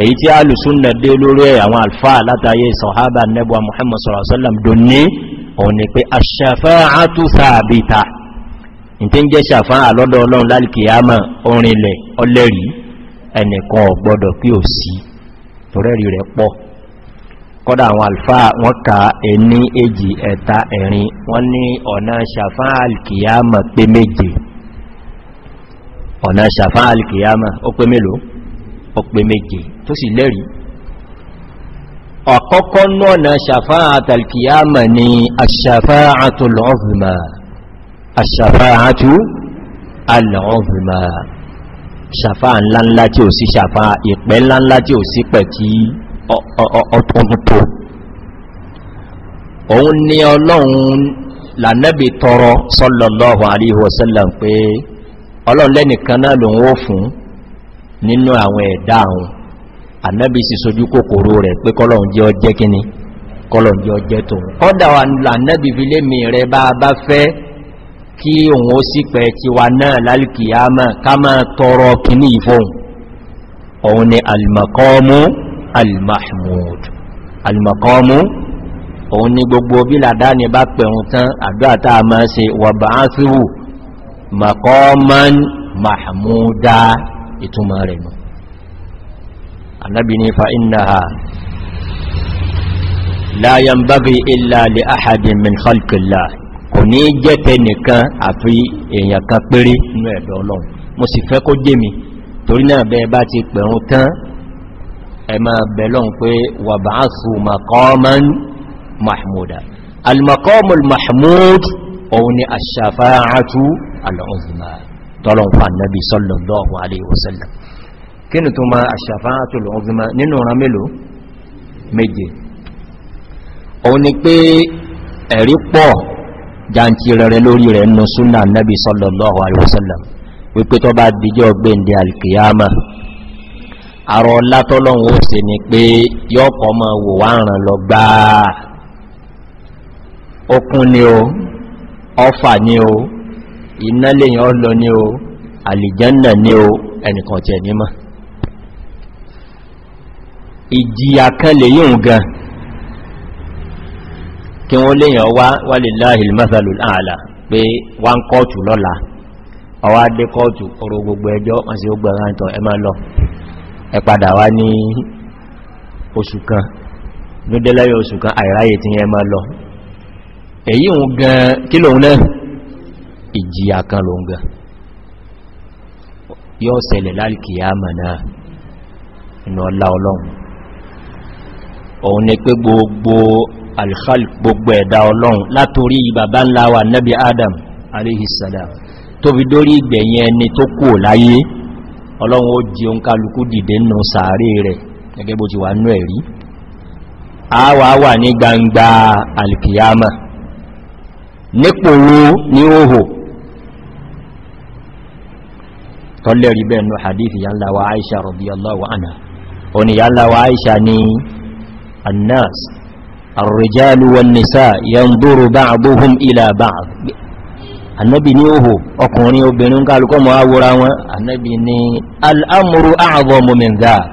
èyí tí a lùsúnnà dé lórí ẹ̀ àwọn alfa látàyé sọ̀hábà nẹ́bùwa muhammad sọ̀rọ̀sọ́lọ̀m dóní òun ni pé aṣàfáàtú sàbìta in tí ń jẹ́ sàfáà lọ́dọ̀ ọlọ́run lálìkìyàmọ̀ orinlẹ̀ ọlẹ́rí ẹnìkan ọ̀gbọ́dọ̀ pí ò sí torẹ́rì rẹ̀ pọ̀ kọ́dà àwọn ọ̀nà sàfáà alìkìyàmọ̀ ó pé mélòó ọ̀pẹ méje tó sì lẹ́rí ọ̀kọ́kọ́ náà ṣàfáàtà alkiyama ni aṣàfáàtù al'ọ́fìmá aṣàfáàtù al'ọ́fìmá ṣàfáà ńláńlá tí ò sí ṣàfáà ìpẹ́ ńláńlá tí ò sí pẹ̀ tí ọ̀tọ̀mùtò òun ni ọlọ́run lànẹ́bì tọrọ sọ́lọ̀lọ́wọ̀ àríwọ̀sẹ́lẹ̀ pé ọlọ́run lẹ́nìkan nínú àwọn ẹ̀dá àwọn ànábì sí sojú kòkòrò rẹ̀ pé kọ́lọ̀un jẹ́ ọjẹ́ kíní kọ́lọ̀un jẹ́ ọjẹ́ tó kọ́dà wà nílò ànábì fi lé mi rẹ̀ bá bá fẹ́ kí òun ó sì pẹ̀ ti wà náà lálìkìyàmà ká almahmud almakọ́mú òun ni gbogbo bí làdáni bá pẹ̀rún tán àdúrà táa máa mahmuda ìtumà rẹ̀ nù annabi ni fa inna ha láyán bábi ilá lè áhàdìn min halkila kò ní jẹ́ tẹnìkan àfi èèyàn kan péré inú ẹ̀dọ̀ ọlọ́run mo sì fẹ́ kó jẹ́ mi torí náà bẹ́ẹ̀ bá ti pẹ̀rún tán ẹ̀mà bẹ̀lọ́n pé wà bá ń sù makọ́mán mahmuda al-makọ́mul mahmud òun ni àṣàfáàtú al'uzmar tọ́lọ̀n fà nàbí sallallahu alaihi wasallam kí ni tó ma ash-shafa'atul uzma nínú ọ̀ràn mélòó méje òun ni pé ẹ̀rí pọ̀ jàǹtì rẹ̀rẹ̀ lórí rẹ̀ nù súnà nàbí sallallahu alaihi wasallam wípé tó bá díjọ́ iná lèyàn ọlọ ní o àlìjánà ní o ẹnìkan tẹ̀ ní mọ́ yíò gan kí wọ́n lèyàn wá wà láàrín mẹ́sàlù ààlà pé wọ́n kọ́ọ̀tù lọ́la ọwá dé kọ́ọ̀tù gbogbo ẹjọ́ gbogbo ẹ lọ ìjìyà kan ló ń gan yóò sẹlẹ̀ lálìkìyàmà náà inú ọlá ọlọ́run òun ni pé gbogbo alkhalik gbogbo ẹ̀dá ọlọ́run látorí bàbá ńlá wa nabi adam aléhìsàdá tó fi dórí ìgbẹ̀yìn ẹni tó kú láyé ọlọ́run ó jí oun kálukú dìde nù sàárè rẹ̀ gẹ́gẹ́ bó ti wà nú ẹ̀rí àwà wà ní gbangba alkiyama nípòwó ní òhò tọ́lẹ̀ rí bẹ́ẹ̀ nù hadithi yàlá wa aisha radiyallahu anha o ni yàlá wa aisha ni annas arrijalu wan nisa yanzuru ba'duhum ila ba'd annabi ni oho ọkùnrin obìnrin kálukọ́ mọ́ awúra wọn annabi ni al'amuru a'adhamu min dhak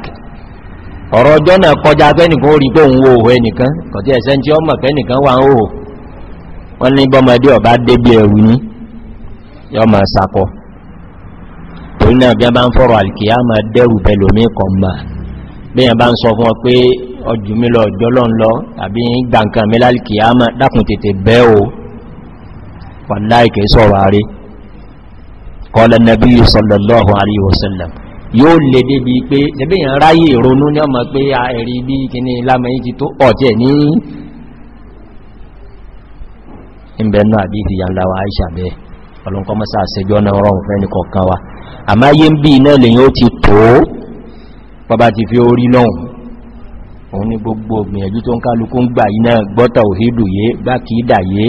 ọ̀rọ̀ ọjọ́ náà kọjá fẹ́nìkan ó pé òun wòó ẹnìkan kọ̀tí ẹ̀sẹ́ tí ó mọ̀ fẹ́nìkan wà ń wọ́n ní bọ́mọdé ọ̀bá débí ẹ̀rù ní yọ́ ma sakọ̀ọ́ torí náà bí a bá ń fọ́rọ̀ alìkìyà máa dẹ́rù bẹ̀lòmí kan ma bí a bá ń sọ fún ọ pé ọjù mílọ ọjọ́lọ́n lọ àbí gbàǹkan mi lálìkìyà máa dákùn tètè bẹ́ o wàláìkẹ́ sọ̀rọ̀ àrí kọlẹ̀ nàbí sọ̀lọ̀lọ́hùn àrí ìwọ̀sẹ̀lẹ̀ yóò lè débi pé ṣebí yàn ráyè ìrònú ní ọmọ pé a ẹ̀rí ìbẹ̀nà àbí ìfìyànláwà àìṣàbẹ̀ ọlọ́nkọ́mọ́sá àṣẹjọ́ náà rọrùn fẹ́ ní kọ̀ọ̀kan wa àmá yé ń bí iná ó ti tó bàbá ti fi orí lọ́hùn òun ní gbogbo gbìyànjú tó ń kálukú ń gbà iná gbọ́ta òhìdù yé bá kìí yé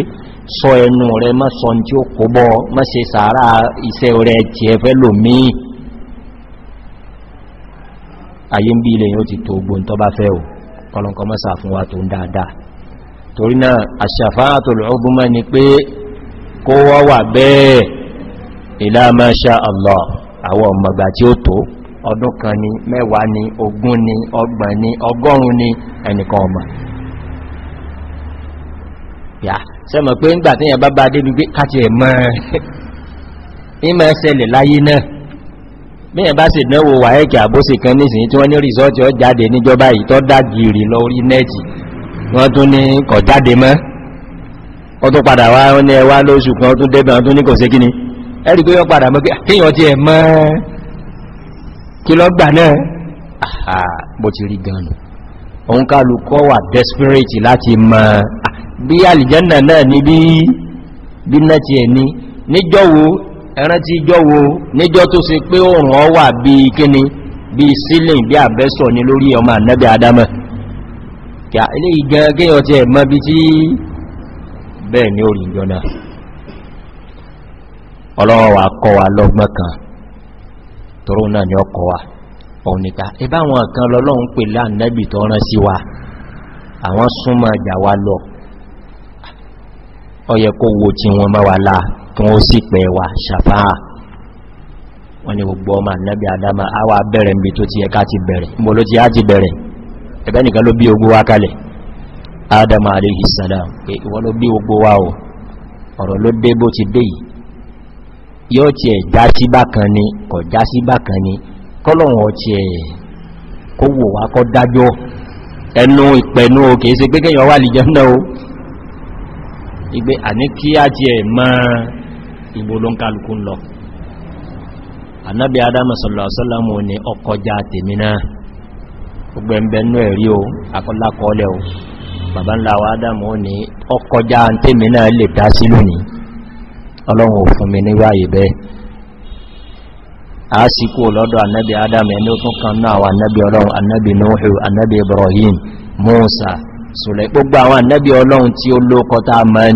sọ ẹnu rẹ má sọ tí ó kó bọ́ má se sàárà iṣẹ́ rẹ lòmí ayé ń bí ti tó gbò fún tó pé kó wá wà bẹ́ẹ̀ ìlà ma sha Allah àwọn ọmọgbà tí ó tó ọdún kan ni mẹ́wàá ni ogún ni ọgbọ̀n ni ọgọ́rùn ni ẹnìkan ọmọ yà sẹ́mọ̀ pé ń gbà tí yẹn bá bá débi gbé káti ẹ̀ mọ́ ìmọ̀ ẹsẹ̀lẹ̀ láyé náà mẹ́yàn bá sì dánwò wà ẹ́kẹ̀ àbóṣe kan nísìnyí tí wọ́n ní rìsọ́ọ̀tì ọ jáde níjọba yìí tọ́ dá gìrì lọ orí nẹ́ẹ̀tì wọ́n tún ní kọ̀ jáde mọ́ ọ padà wá ní ẹwà lóṣù kan tún débẹ̀ tún ní kò sé kíní ẹ̀rì pé yọ padà mọ́ kíyàn ti mọ mọ́ kí náà àhà ti rí gan òun kálukọ́ wà desperate láti mọ́ bí alìjẹ́nà náà ní bí náà ti ẹ̀ ní níjọ́wó ẹran ti jọ́wó níjọ́ tó se pé ọ wà bí kini bí sílìn bí àbẹ́sọ̀ ní lórí ọmọ kí ilé ẹ̀ mọ́ bí tí ọlọ́wọ́ wa kọ́ wa lọ́gbọ́n kan tọrọ náà ni ọkọ̀ wa òun nìta ẹbá àwọn kan lọ́lọ́run pè láàrínẹ́bì tó rán sí wa àwọn súnmọ́ àjà wa lọ ọyẹ kó wo tí wọ́n má wa láà kí wọ́n sì pẹ̀ wa ṣàfáà wọ́n ni gbogbo ọmọ ànẹ́bì adama a wà bẹ̀rẹ̀ mbi tó ti ẹka ti bẹ̀rẹ̀ mbò ló ti á ti bẹ̀rẹ̀ ẹ̀bẹ́ nìkan ló bí ogbó wa kalẹ̀ adama aléhìsàdá pé ìwọ́n ló bí ogbó wa ọ̀rọ̀ ló dé bó ti dé yìí yóò ti ẹ̀ já sí bákan ni kọ̀ já sí bákan ni kọ́lọ̀wọ̀n ti ẹ̀ kó wò wá kọ́ dájọ́ ẹnu ìpẹ̀nú òkè ṣe pé kẹ́yàn wà lìjẹ́ náà o ìgbé àní kí á ti ẹ̀ mọ́ ìbò ló ń kálukú lọ anábi adama sallallahu alaihi wasallam ni ọkọjá tèmi náà gbogbo ẹ̀mbẹ̀nú ẹ̀rí o akọ́lákọ́ọ́lẹ̀ o bàbá ńlá wa adama ó ní ọkọjá tèmi náà lè dá sí ọlọ́run ò fún mi níwáyé bẹ́ẹ̀ a sì kú lọ́dọ̀ annabi adam ẹni ó tún kan náà àwọn annabi ọlọ́run annabi nuhu annabi ibrahim musa sùlẹ̀ gbogbo àwọn annabi ọlọ́run tí ó lókọ tá mọ́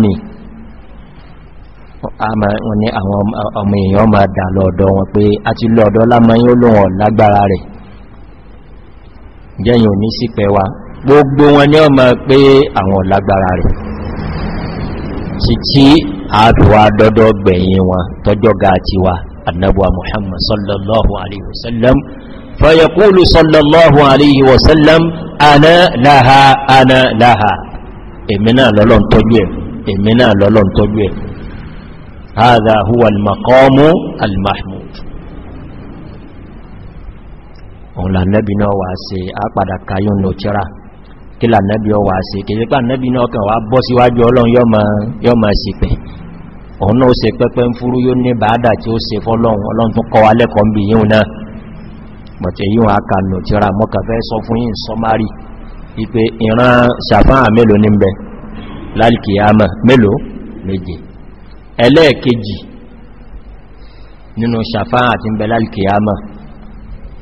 ní àwọn ọmọ èèyàn máa dà lọ́ọ̀dọ̀ wọn pé a ti lọ́ọ̀dọ̀ lámọ́yìn ó lóhun lágbára rẹ̀ jẹ́yìn òní sí pẹwa gbogbo wọn ni ọmọ pé àwọn lágbára rẹ̀ àtùwà dọ́dọ́ gbẹ̀yìn wọn tọ́jọ́gá ti wa annabuwa muhammad sallallahu alaihi wasallam fayakulu sallallahu alaihi wasallam ana laha ana laha emina lọ́lọ́n tọ́jú ẹ̀ emina lọ́lọ́n tọ́jú ẹ̀ هذا هو المقام المحمود òun là nẹ́bí náà wà sí àpàdà kayún ní òtíra kí là nẹ́bí ọwà sí kìí pà nẹ́bí náà kàn wá bọ́ síwájú ọlọ́run yọ́ ma sí ọ̀nà ó se pẹ́pẹ́ ń fúrú yóò ní bàádà tí ó se fọ́lọ́run ọlọ́run tó kọwa lẹ́kọ̀ọ́ ń bí yíò náà bọ̀tẹ̀ yíò àkànù tí ra mọ́kàfẹ́ sọ fún yí sọmárì ipé ìran sàfáà mélòó ní bẹ lálìkìyàmà mélòó méje ẹlẹ́ẹ̀kejì nínú sàfáà ti bẹ lálìkìyàmà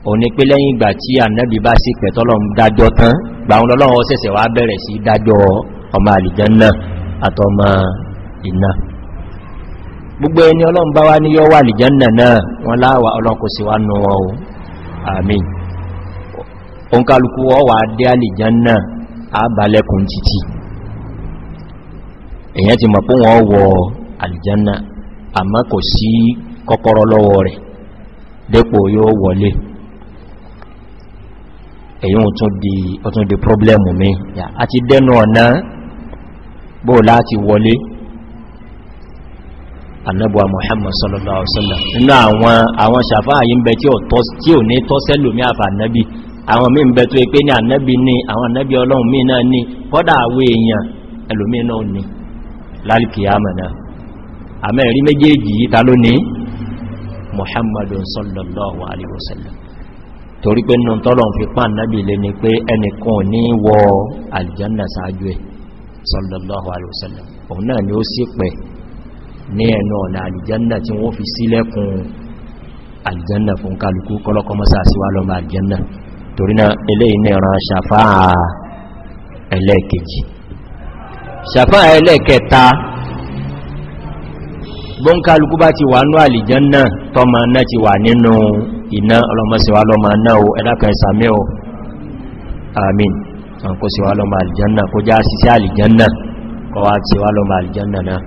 òní pé lẹ́yìn ìgbà tí ànẹ́bì bá sí pẹ̀tọ́lọ̀ gbogbo ẹni ọlọ́run bá wá ní yọ́ wà lìjánà náà wọn láwà ọlọ́kù sí wá nù ọ̀hún àmì oǹkàlùkù ọwà dé àlìjánà àbálẹ́kùn títí èyàn ti mọ̀ pún wọn wọ àlìjánà àmá kò sí kọ́kọ́rọ́ lọ́wọ́ rẹ̀ dépò yóò wọlé èyí ọ̀tún di problemu mi àti dẹ́nu ọ̀nà bóò láti wọlé annabuwa muhammad sallallahu alaihi wasallam nínú àwọn àwọn ṣàfáàyí ń bẹ tí ò ní tọ́sẹ́lòmí àfà annabi àwọn mí ń bẹ tó pé ní annabi ní àwọn annabi ọlọ́run mí náà ní kọ́dà àwọ èèyàn ẹlòmí náà ní lálìkìyàmà náà àmẹ́rí méjèèjì yìí ta ló ní muhammadun sallallahu alaihi torí pé nínú tọ́lọ̀n fi pán náàbì lè ní pé ẹnìkan ní wọ aljanna sáájú ẹ̀ sallallahu alaihi òun náà ni ó sì pẹ̀ ní ẹnu ọ̀nà àlìjánà tí wọ́n fi sílẹ̀kùn àlìjánà fún kálukú kọlọ́kọ́ mọ́sá síwá lọ́mọ àlìjánà torí náà eléyìí ní ẹran ṣàfáà ẹlẹ́ẹ̀kejì ṣàfáà ẹlẹ́ẹ̀kẹta bọ́nkálukú bá ti wà ní àlìjánà tọ́mọ náà ti wà nínú iná ọlọ́mọ́síwá amin ọkọ̀ síwá lọ́mọ àlìjánà kó já sí sí àlìjánà náà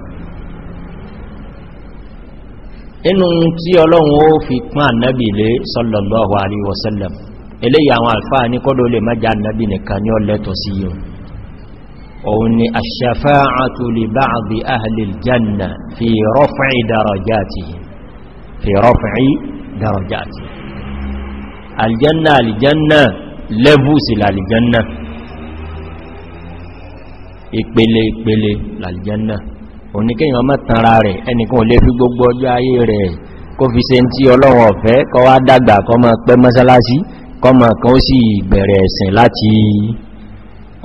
inú tí ọlọ́run ó fi pán ànábì lé sallallahu alaihi wasallam eléyìí àwọn alfáà ní kọ́dọ̀ lè má já ànábì nìkan ní ọlẹ́tọ̀ sí yíò òun ni ash-shafa'atu li ba'di ahli fi raf'i ìpele ìpele aljanna oníkẹ́yàn mọ́ tanra rẹ̀ ẹnìkan ò lè fi gbogbo ọjọ́ ayé rẹ̀ kó fi se tí ọlọ́run ọ̀fẹ́ kọ wá dàgbà kọ mọ́ pẹ́ mọ́sálásí kọ mọ́ kan ó sì bẹ̀rẹ̀ ẹ̀sìn láti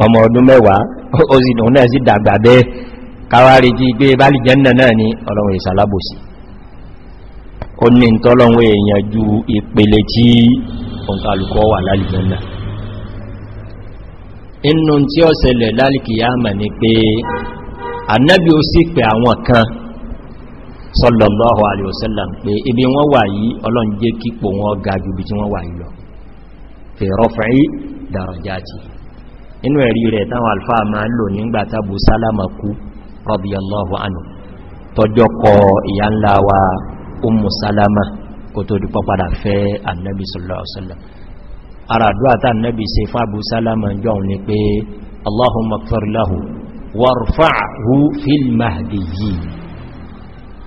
ọmọ ọdún mẹ́wàá *laughs* ó sì dùn náà sí dàgbà bẹ́ ni pé annabi ó sì pé àwọn kan sallallahu alaihi wasallam pé ibi wọ́n wà yìí Ọlọ́run jẹ́ kípò wọn ga jù bí tí wọ́n wà yìí lọ fi raf'i darajati inú ẹ̀rí rẹ̀ táwọn alfáà máa lò nígbà tábù sálámà kú radiyallahu anhu tọjọ́ kọ ìyá ńlá wa ummu sálámà kò tó dípọ̀ padà fẹ́ annabi sallallahu alaihi wasallam ara àdúrà tá annabi ṣe fábù sálámà jọ ni pé allahumma ighfir lahu warfa'hu fil mahdiyyin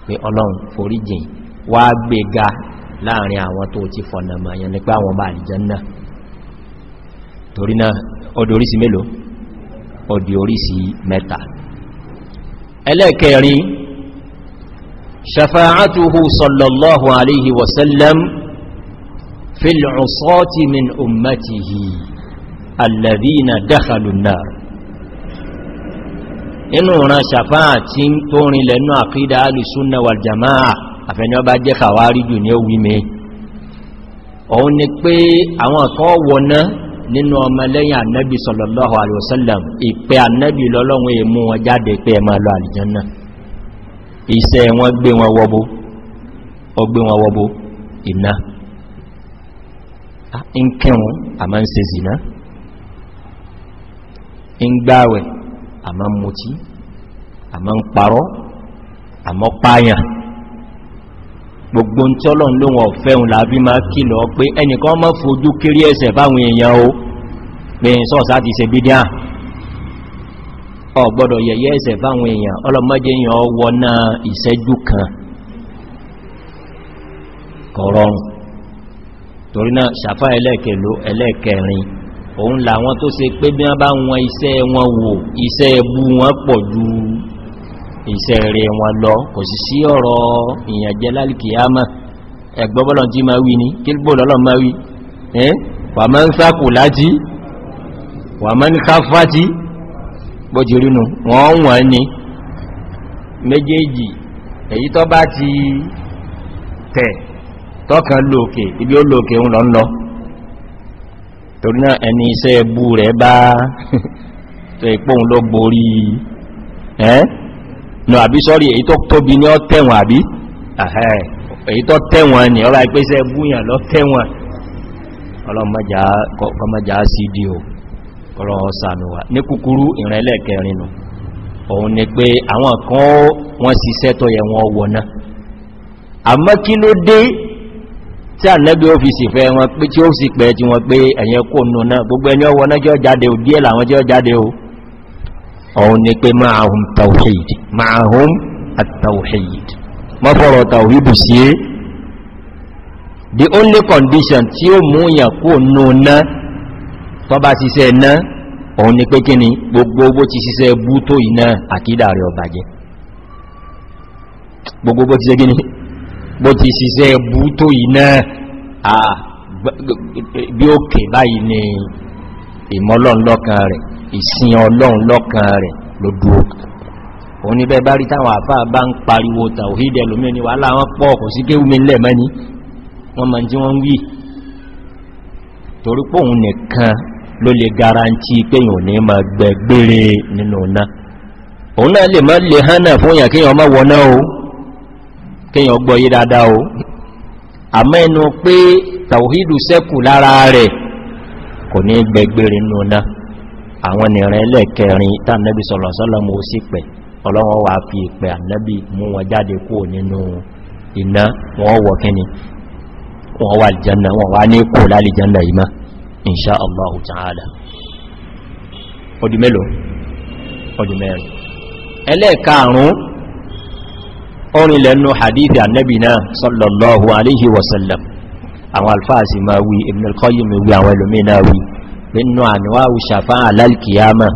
pé ọlọ́run foríjìn wá gbéga láàrin àwọn tó ti fọ̀nà mayan nípa àwọn bá àlìjánná torí náà ọdí orísi mélòó ọdí orísi mẹ́ta ẹlẹ́ẹ̀kẹ́rin ṣafa'atuhu sallallahu alaihi wasallam fil min ummatihi alladhina dakhalu nar nínú ìran ṣàfáà tí tó rinlẹ̀ ní àkídà alìsúnnà wal jama'a àfẹ́yàn bá jẹ́ kàwárí jù ní òwí mi òun ni pé àwọn kan wọná nínú ọmọ lẹ́yìn annabi sallallahu alaihi wasallam ìpẹ annabi lọ́lọ́run èmú wọn jáde pé ẹ máa lọ àlìjánná iṣẹ́ wọn gbé wọn wọ́bó ọgbé wọn wọ́bó iná ń kẹrùn-ún àmá ń ṣe zìná ń gbáwẹ̀ àmọ́ mutí àmọ́ ń parọ́ àmọ́ páyàn gbogbo ń tọ́lọ̀ ló wọ́n fẹ́hùn láàbí máa kìlọ̀ pé ẹnìkan mọ́ fojú kéré ẹsẹ̀ báwọn èèyàn o pé sọ́ọ̀sá ti se bí díà ọ̀gbọ́dọ̀ yẹ̀yẹ́ ẹsẹ̀ báwọn èèyàn ọlọ́mọ́jẹ́ òun làwọn tó ṣe pé bí wọ́n bá wọn iṣẹ́ wọn wò iṣẹ́ ẹbú wọn pọ̀ ju iṣẹ́ rẹ̀ wọn lọ kò sì sí ọ̀rọ̀ ìyànjẹ́ lálìkìyàmà ẹgbọ́bọ́lọ̀ tí ma wí ní kílbò lọ́lọ́ ma wí ẹ́ torí náà ẹni iṣẹ́ ẹbú rẹ̀ bá tó ìpóhun ló borí ẹ́ no àbí sọ́rí èyí tó tóbi ní ọ tẹ́wọ̀n àbí èyí tó tẹ́wọ̀n ni ọlá ìpéṣẹ́ ẹbúyàn lọ tẹ́wọ̀n ọlọ́mọjá sídí o ọ̀rọ̀ sànúwà ní kúkúrú ìrìnlẹ̀ kẹrinù òun ni pé àwọn kan wọ́n siṣẹ́ tó yẹ wọn wọ̀ náà àmọ́ kí tí ànẹ́bí ó fi sífẹ́ wọn pé tí ó sì pẹ̀ tí wọ́n pé ẹ̀yẹn kò nù náà gbogbo ẹni ọwọ́ náà jọ jáde ò díẹ̀ làwọn jọ jáde ò ọ̀hun ni pé máàhùn tàwíìdì máàhùn the only condition tí ó mú yàn kò nù náà tọ́ bá ṣiṣẹ́ náà ọ̀hun ni pé ti ṣe gíní bó ti ṣiṣẹ́ ẹbú tó iná bí ó kè báyìí ni ìmọ́lọ́n lọ́kàn rẹ̀ ìsin ọlọ́run lọ́kàn rẹ̀ ló dúró òun ni bẹ́ bá rí táwọn àfáà bá ń pariwo tàwídẹ̀ lómí ni wà láwọn pọ̀ kò sí kéwú mi lẹ̀ mẹ́ni wọ́n ma jí wọ́n wí torí pòun nìkan ló lè garanti ma gbẹ̀gbẹ̀rẹ̀ kíyàn ọgbọ́ yí dáadáa o àmọ́ ẹnu pé tàwídù sẹ́kù lára rẹ̀ kò ní gbẹgbẹ̀rẹ̀ nùnà àwọn ìrìn ẹlẹ́kẹrin tánàbí sọ̀lọ̀sọ́lọ̀ mú sí pẹ̀ ọlọ́wọ́ wà fi ìpẹ̀ ànábì mú wọn jáde kúrò nínú iná wọn wọ̀ kíni wọn wà aljanna wọn wà ní kò lálìjanna ìmá inṣá allahu ta'ala ọdún mélòó ọdún mẹ́rin orin lẹ́nu hadithi annabi náà sallallahu alaihi wasallam àwọn alfáàsì ma wí ibn al-qayyim wí àwọn ilomi náà wí nínú àníwáwù ṣàfáà lálkìyàmà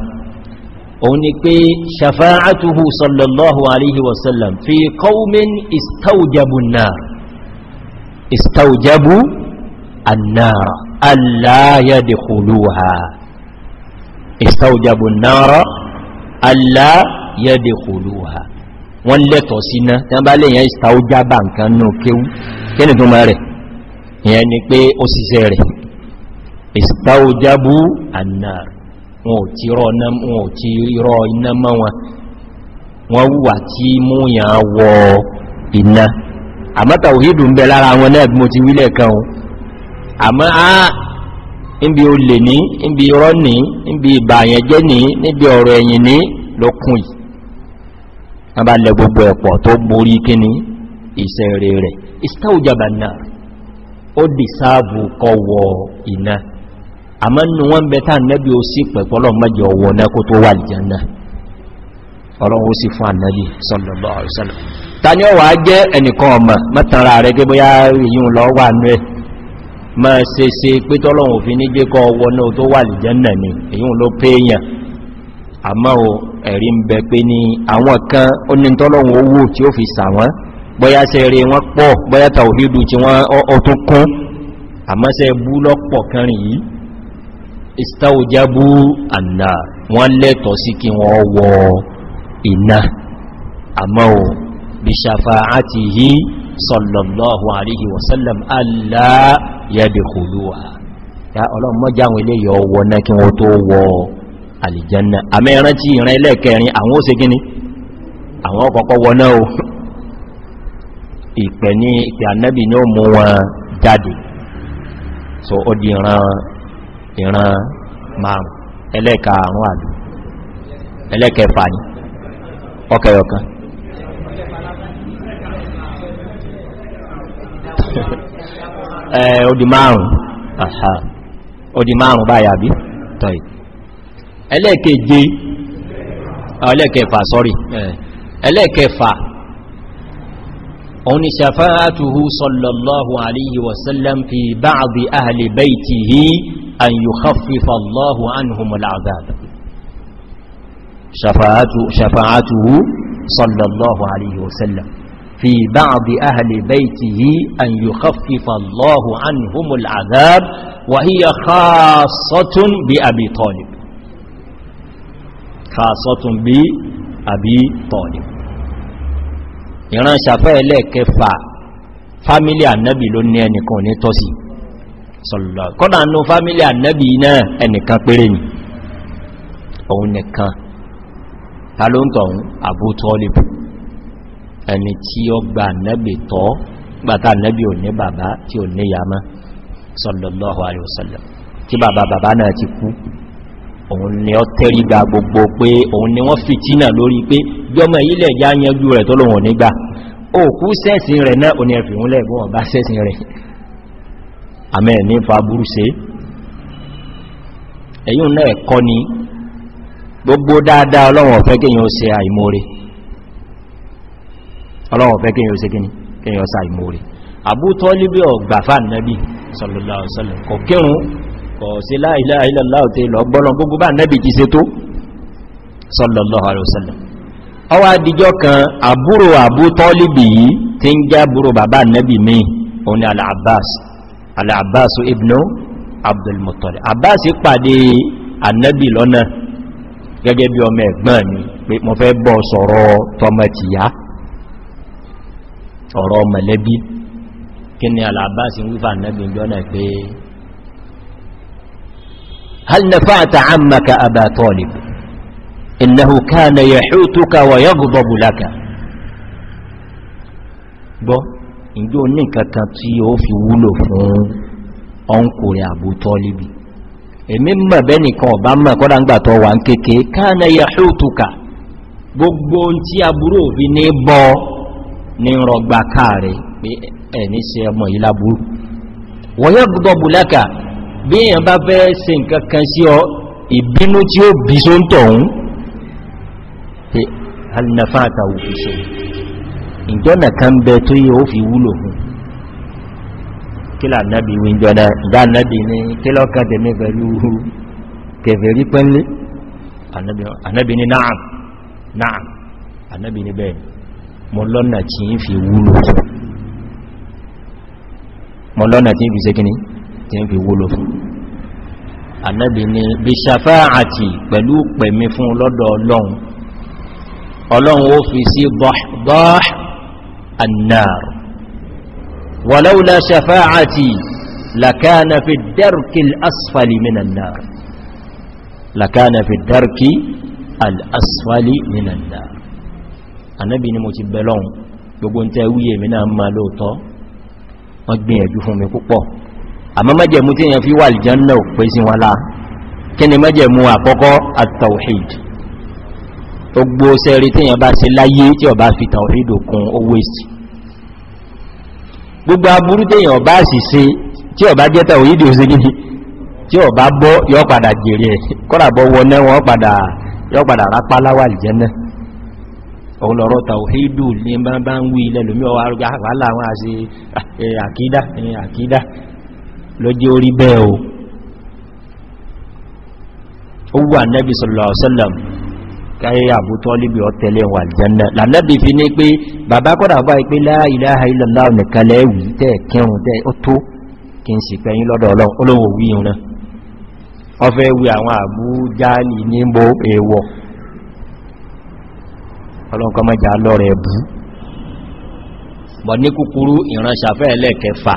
òun ni pé ṣàfáàtuhu sallallahu alaihi wasallam fi qaumin istaujabu náà istaujabu annára aláyàdì kùlúha istaujabu náà aláyàdì kùlúha wọ́n lẹ́tọ̀ síná tí wọ́n bá lè yẹn ìsta ó jábà nǹkan ní òkéwú kí tó mọ́ pé ó síṣẹ́ rẹ̀ ìsta ó jábú ànà wọn ò tí rọ iná wọ́n wọ iná níbi olè ní níbi ní níbi ìbàyànjẹ́ ní níbi ọ̀rọ̀ ẹ̀yìn ní lókùn wọ́n bá lẹ gbogbo ẹ̀pọ̀ tó borí kíní iṣẹ́ rẹ̀ rẹ̀ ìstáòjàbà náà ó dì sáàbù kọwọ iná àmọ́nù wọ́n bẹ tàà nẹ́bí ó sì pẹ̀pọ̀lọ̀ mẹ́jọ ọwọ́ náà kó tó wà ìjànà ọlọ́run ó sì fún ni ó wà jẹ́ ẹnìkan ọmọ mẹ́tànra rẹ̀ gẹ́gbẹ́ yá ma ṣe ṣe pé tọ́lọ́run òfin ní jẹ́ kọ́ ni èyí ló pé èèyàn ẹ̀rí ń bẹ pé ní àwọn kan ó ní tọ́lọ́wọ́ owó tí ó fi sà wọ́n bọ́yá sẹ rí wọ́n pọ̀ bọ́yá tàwídù tí wọ́n ọtún kún àmọ́sẹ́ bú lọ́pọ̀ kẹrin yìí ìstáòjábú ànà wọ́n lẹ́tọ̀ sí kí wọ́n wọ iná àmọ́ ò alìjẹ́nà àmẹ́ran tí ìran ẹlẹ́ẹ̀kẹrin àwọn ó se gíní àwọn ọkọ̀ọ̀kọ́ wọná o ìpẹ̀ ní ìpẹ̀ annabi ní ó mú wọn jáde so ó di ìran ìran márùn ẹlẹ́ẹ̀ka àrùn àdù ẹlẹ́ẹ̀kẹfà ní ọkẹyọkan ẹ̀ *laughs* eh, ó di márùn-ún ó di márùn-ún báyàbí tọ́yìí ẹlẹ́ẹ̀keje ẹlẹ́ẹ̀kẹfà sọ́rì ẹlẹ́kẹ̀ẹ́fà òun ni ṣàfáàtùhú sọ́lọ̀lọ́hùn àríyí wasallam fi báàbí ahàlì bẹ́ẹ̀tì hí an yù haffifallahu anhumul azab ṣàfáàtùhú sallallahu alayhi wasallam في بعض أهل بيته أن يخفف الله عنهم العذاب وهي خاصة بأبي طالب khasatun bi Abi Talib ìran ṣàfẹ́ ẹlẹ́ẹ̀kẹfà fámílì ànábì ló ní ẹnìkan ní tọ́sí sọ̀lọ̀ kọ́nà ní fámílì ànábì náà ẹnìkan péré ni òun nìkan ta ló ń tọ̀hún Abu Talib ẹni tí ó gba ànábì tọ́ gbàtà ànábì ò ní bàbá tí ò ní yàmá sallallahu alaihi wasallam tí bàbá bàbá náà ti kú òun ni ọ tẹ́rígbà gbogbo pé òun ni wọ́n fìtínà lórí pé gbọ́mọ̀ ilẹ̀ já yanjú rẹ̀ tó lóhun nígbà òkú sẹ́sìn rẹ̀ náà òní ẹ̀fì ń lẹ́gbọ́n ọ̀bá sẹ́sìn rẹ̀ àmẹ́ ní fa burú se ẹ̀yùn náà ẹ̀kọ́ ni gbogbo dáadáa ọlọ́run ọ̀fẹ́ kéyàn ó se àìmóre ọlọ́run ọ̀fẹ́ kéyàn ó se kéyàn ó se àìmóre àbútọ́ líbẹ̀ ọ̀gbàfà nàbí sọ̀lọ̀lọ̀ kọ̀ sí láìláà ilẹ̀lá òtè lọ gbọ́lọ̀ gbogbo bá nẹ́bì ti se tó sallallahu alaihi wasallam ọwá àdíjọ́ kan àbúrò àbú tọ́lìbì yìí tí ń já àbúrò bàbá nẹ́bì míì òun ni al-abbas al-abbas ibnu abdul muttalib abbas pàdé annabi lọ́nà gẹ́gẹ́ bí ọmọ ẹ̀gbọ́n mi pé mo هل نفعت عمك أبا طالب إنه كان يحوتك ويغضب لك بو ìjọ ní kankan tí ó fi wúlò fún ọkùnrin àbú tọ́líbì èmi mọ̀ bẹ́ nìkan ọ̀bá mọ̀ kọ́dá ń gbàtọ̀ wà ń kéèké káàna yàṣó òtùkà gbogbo tí aburú òfin ní bọ́ ní rọgbà káàrẹ pé ẹ̀ ní sí ọmọ ìlàbúrú wọ́yẹ́ gbogbo bùlákà bí èyàn bá fẹ́ ṣe nǹkan kan sí ọ ìbínú tí ó bí só ń tọ̀hún pé alìnàfà àtàwò fi ṣe ìjọ́nà kan bẹ tó yí ó fi wúlò fún kílà nábi wí jọna ìdá nábi ní kílọ́kà tẹ̀mí pẹ̀lú kẹfẹ̀rí pẹ́lú anábi tí ń fi wúlò fún mọ́ tí ń fi ṣe kíní tí ń fi wúlò fún ànábì ni bí ṣàfáàtì pẹ̀lú pẹ̀mí fún lọ́dọ̀ ọlọ́run ọlọ́run ó fi sí bọ́h annar wàláwùlá ṣàfáàtì lakana fi dárkì al'asfali minan nar lakana fi dárkì al'asfali minan nar ànábì ni mo ti bẹ̀lọ́run gbogbo ń tẹ́ wíyè mi máa lóòtọ́ wọ́n gbìyànjú fún mi púpọ̀ àmọ́ mẹ́jẹ̀mú tí èyàn fi wà aljanna ò pé sí wọn lá kí ni mẹ́jẹ̀mú àkọ́kọ́ at-tawhid gbogbo sẹ́rí tí èyàn bá ṣe láyé tí ó bá fi tawhid òkun ó wéṣì gbogbo aburú tí èyàn bá sì ṣe tí ó bá jẹ́ tawhid ò sí gidi tí ó bá ní bá ń wí ilẹ̀ lómi ọwà arúgbà wà láwọn àṣe lọ́jẹ́ orí bẹ́ẹ̀ o ó wà nẹ́bí sọ̀lọ̀ọ̀sọ́lọ̀m káyé àbútọ́ líbi ọ̀tẹ̀lẹ̀ wà jẹ́nà lànẹ́bí fi ní pé bàbá kọ́dà bá ipé láàrín ilẹ̀lá ọ̀nìkalẹ̀ wì tẹ́ kẹrùn tẹ́ ó tó kí n sì pẹ̀yìn lọ́dọ̀ olóhùn wí ìrìnà ọfẹ́ wí àwọn àbú jáàlì ní mbó èèwọ̀ ọlọ́nkọ́ mẹ́jà bọ̀ ní kúkúrú ìrànṣàfẹ́ ẹlẹ́kẹfà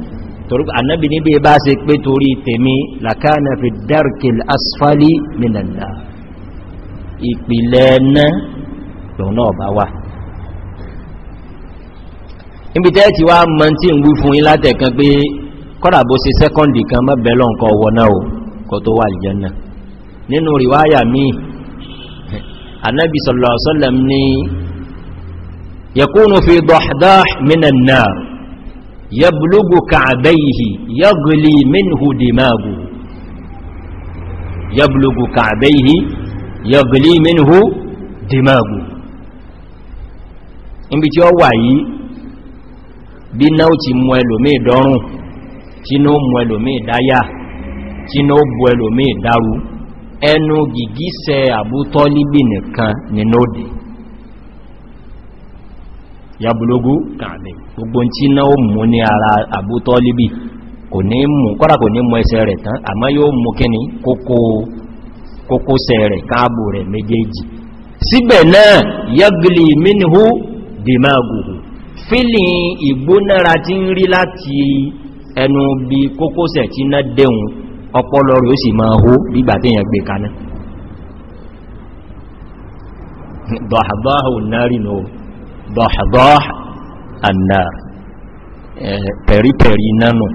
torí annabi ní bí bá se pé torí tèmi lakana fi darkil asfali minanna ìpìlẹ̀ ẹ̀nà lòun náà bá wà níbi tẹ́ ti wá mọ́ tí ń wí fún ilá tẹ̀kan pé kọ́dàbó sí sẹ́kọ́ndì kan mọ́bẹ̀lọ́ nǹkan ọwọ́ náà o kò tó wà ìjẹ́nà nínú ríwáyà míì annabi sallallahu ni yakunu fi dahdah minan nar yablugu ka'bayhi yaghli minhu dimagu yablugu ka'bayhi yaghli minhu dimagu níbi tí ó wà yìí bí náà ti mú ẹlòmí dọ́rùn tí náà mú ẹlòmí dáyà tí náà bú ẹlòmí dárú ẹnu gìgísẹ̀ àbútọ́ líbì nìkan nínú òdì yablugu ka'bayhi gbogbo tí náà ó mú ní ara àbútọ́ líbì kò ní mú kọ́rà kò ní mú ẹsẹ̀ rẹ̀ tán àmá yóò mú kíni kókósẹ̀ rẹ̀ káàbù rẹ̀ méjèèjì síbẹ̀ náà yẹ́gìlì mínú dìmágùrù fílì ìgbónára tí ń rí láti ẹnu bí kókósẹ̀ tí ná dẹ̀hùn ọpọlọ rẹ̀ ó sì máa hó bígbà tí èyàn gbé kaná dọ̀hàdọ́hà ò náà rí náà annar pẹ̀rí-pẹ̀rí nánù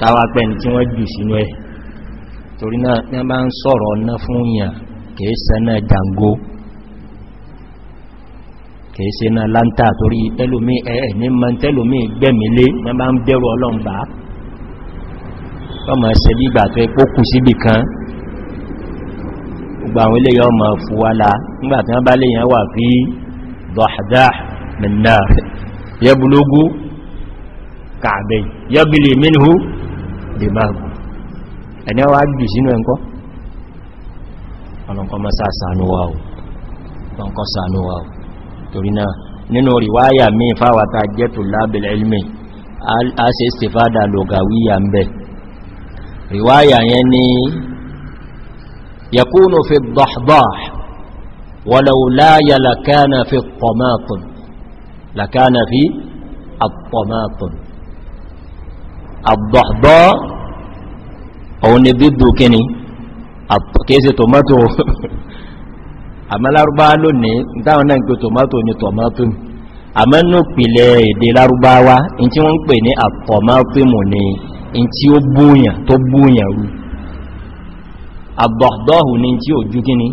káwà pẹ̀lú tí wọ́n jù sínú ẹ̀ torí náà ní a máa ń sọ̀rọ̀ ọ̀nà fún yàn kìí sẹ́nà jàngó kìí sẹ́nà láńtà torí tẹ́lòmí ẹ̀ẹ́ ní ma tẹ́lòmí gbẹ̀mílé ní a máa ń bẹ̀rù ọlọ́mbà ọmọ ẹsẹ̀ gbígbà tó fúwálá nígbàtí wọ́n bá lè yàn wà fí dọ̀hádá mẹ́nà yabulugu kààbẹ̀ yabili minhu dimagu ẹni wa gbì sínú ẹnkọ́ ọlọ́nkọ́ ma sáà sànúwà o ọlọ́nkọ́ sànúwà o torí náà nínú ríwáyà mí fáwàtà jẹ́tù lábìlẹ̀ ilmi a ṣe istifada lọ́gàwíyà ń bẹ̀ ríwáyà yẹn ni لكان في الطماطم الضحضاء او نبدو كني كيسي tomato àmá lárúbá lónìí dáwọn náà ń pè tomato ni tomato àmá ní pìlẹ̀ èdè lárúbáwá in tí wọ́n ń pè ní àtọ̀mátìmù ni in tí ó búyàn tó búyàn rú àbọ̀dọ́hù ni tí ó jú kíní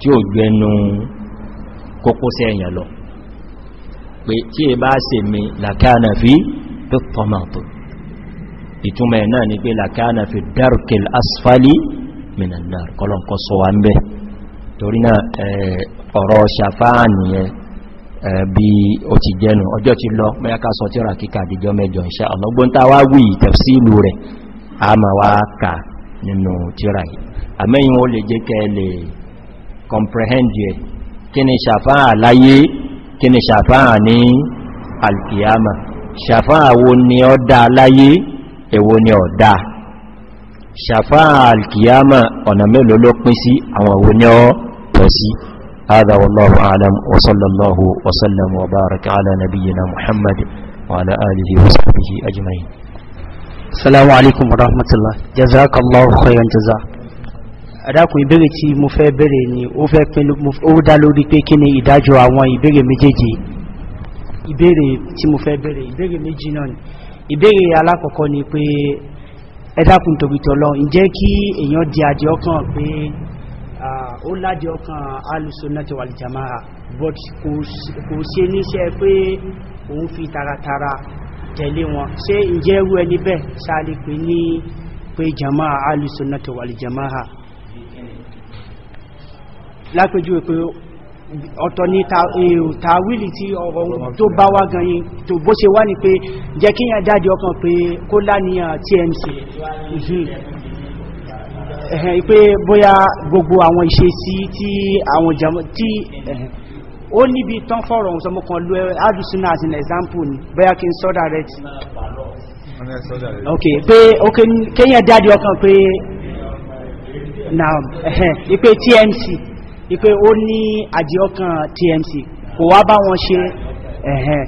tí ó ju ẹnu kókósẹ̀ èyàn lọ pé tí è bá se mi làkánà fi tó tọ́mọ̀tò ìtumẹ̀ náà ni pé làkánà fi dárkil asfali minanar kọlọ̀nkọ́ sọ wa ń bẹ́ torí náà ọ̀rọ̀ sàfáànìyàn bí ó ti jẹnu ọjọ́ ti lọ mẹ́yàká sọ tíra kíkà àdíjọ́ mẹ́jọ ìṣà ọ̀lọ́gbọ́n tá wá wí ìtẹ̀sí ìlú rẹ̀ a ma wá kà nínú tíra yìí àmẹ́yìn ó lè jẹ́ lè comprehend yẹ kí ni sàfáà láyé kí ni ṣàfáà ní alkiyama ṣàfáà wo ni ọ dá láyé èwo ni ọ dá ṣàfáà alkiyama ọ̀nà mélòó ló pín sí àwọn òwò ni ọ pọ̀ sí هذا والله أعلم وصلى الله وسلم وبارك على نبينا محمد وعلى آله وصحبه أجمعين السلام عليكم ورحمة الله
جزاك الله خيرا جزاك ẹ̀dàkùn ìbéèrè tí mo fẹ́ béèrè ni ó fẹ́ pín ó dá lórí pé kí ni ìdájọ́ àwọn ìbéèrè méjèèjì ìbéèrè tí mo fẹ́ béèrè ìbéèrè méjì náà ni ìbéèrè alákọ̀ọ́kọ́ ni pé ẹ̀dàkùn tòbítọ̀ lọ ǹjẹ́ kí èèyàn di adìẹ ọkàn pé ó ládìẹ ọkàn alùsọ̀nàtì wàlìjàmáà but kò ṣe níṣẹ́ pé òun fi taratara tẹ̀lé wọn ṣé ǹjẹ́ irú ẹni bẹ́ẹ̀ sáà lè pè ní pé jama'a alùsọ̀nàtì wàlìjàmáà lápẹjú pé ọ̀tọ̀ ni eh, tàwílì tí ọ̀rọ̀ tó bá wá gan yín tó bó ṣe wá ní pé jẹ́ kí yàn jáde ọkàn pé kó láníyàn tmc ẹ̀hẹ̀n pé bóyá gbogbo àwọn ìṣesí tí àwọn jàmọ́ tí ẹ̀hẹ̀n ó níbi tán fọ́rọ̀ ohun sọmọ kan ló adùsúnà as an example bóyá kí n sọ direct ok pé ok kéyàn ọkàn pé tmc ipe ó ní àjíọ́kan tmc kò wá bá wọn ṣe ẹ̀hẹ̀n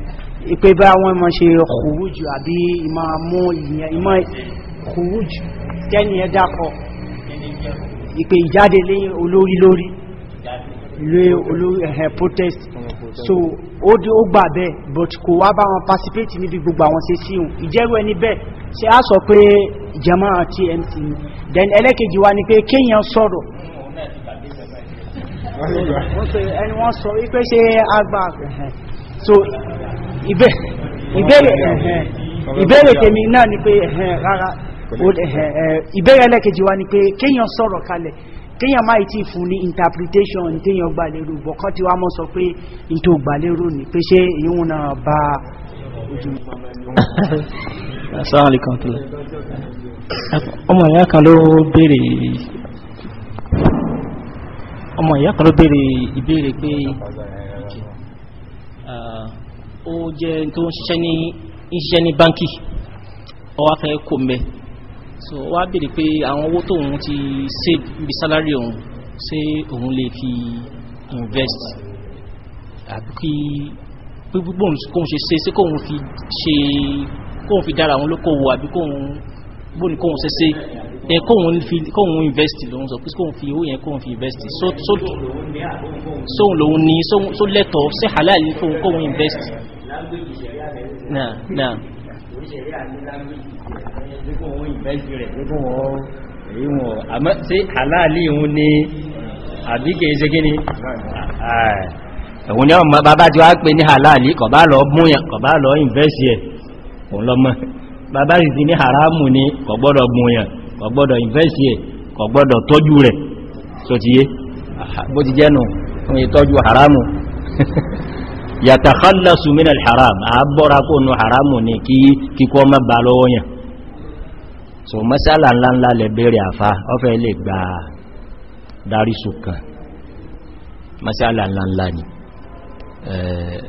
ipe bá wọn mọ́ ṣe kùrújù àbí ìmọ̀ mú ìyẹn ìmọ̀ kùrújù tẹ́ni ẹ dákọ̀ ipe ìjáde lé olórí lórí lé olórí ẹ̀hẹ̀n protest so ó dé ó gbà bẹ́ẹ̀ but kò wá bá wọn participate níbi gbogbo àwọn ṣe sí òun ìjẹ́rú ẹni bẹ́ẹ̀ ṣe á sọ pé jẹ́mọ́ tmc then ẹlẹ́kejì wa ni pé kéèyàn sọ̀rọ̀ ẹni wọ́n sọ wípé ṣe àgbà so ìbéèrè tèmi náà ni pé rárá ìbéèrè ẹlẹ́kejì wa ni pé kéèyàn sọ̀rọ̀ kalẹ̀ kéèyàn máa tí fún ní interpretation téèyàn gbàlérò bọ̀kọ́ tí wá mọ́ sọ pé n tó gbàlérò ni pé ṣé ìhun náà bá ojú ọmọ
ìyá kan ló béèrè ọmọ ìyá kan ló béèrè ìbéèrè pé ó jẹ́ tó ń ṣiṣẹ́ ní ń ṣiṣẹ́ ní báńkì ó wá fẹ́ kó so ó wá béèrè pé àwọn owó tóun ti save ibi sálárì òun ṣé òun lè fi invest àbí kí gbogbo kóun ṣe ṣe ṣé kóun fi ṣe kóun fi dára àwọn olókòwò àbí kóun gbóni kóun ṣe ṣe ẹ kóhun invest ló ń sọ pé kóhun fi owó yẹn kóhun fi invest
sóhun lòun ní só lẹ́tọ̀ sí halal fóhun kóhun invest náà náà
àmọ́ sí halali òun ni àbí kèé ṣe gíní ẹ̀hùn ni ọmọ bàbá tí wá pè ní halali kọ̀bá lọ múyàn kọ̀bá lọ invest ẹ̀ òun lọ mọ́ bàbá sì ti ní haramu ni kọ̀gbọ́dọ̀ múyàn kò gbọ́dọ̀ invest ẹ̀ kò gbọ́dọ̀ tọ́jú rẹ̀ so ti yé bó ti jẹ́nu fún ìtọ́jú haramu *laughs* yatakhallasu min al-haram àbọ́ra kó nù haramu ní kí kíkọ́ má bá lọ́wọ́ yàn so masala ńláńlá lẹ eh,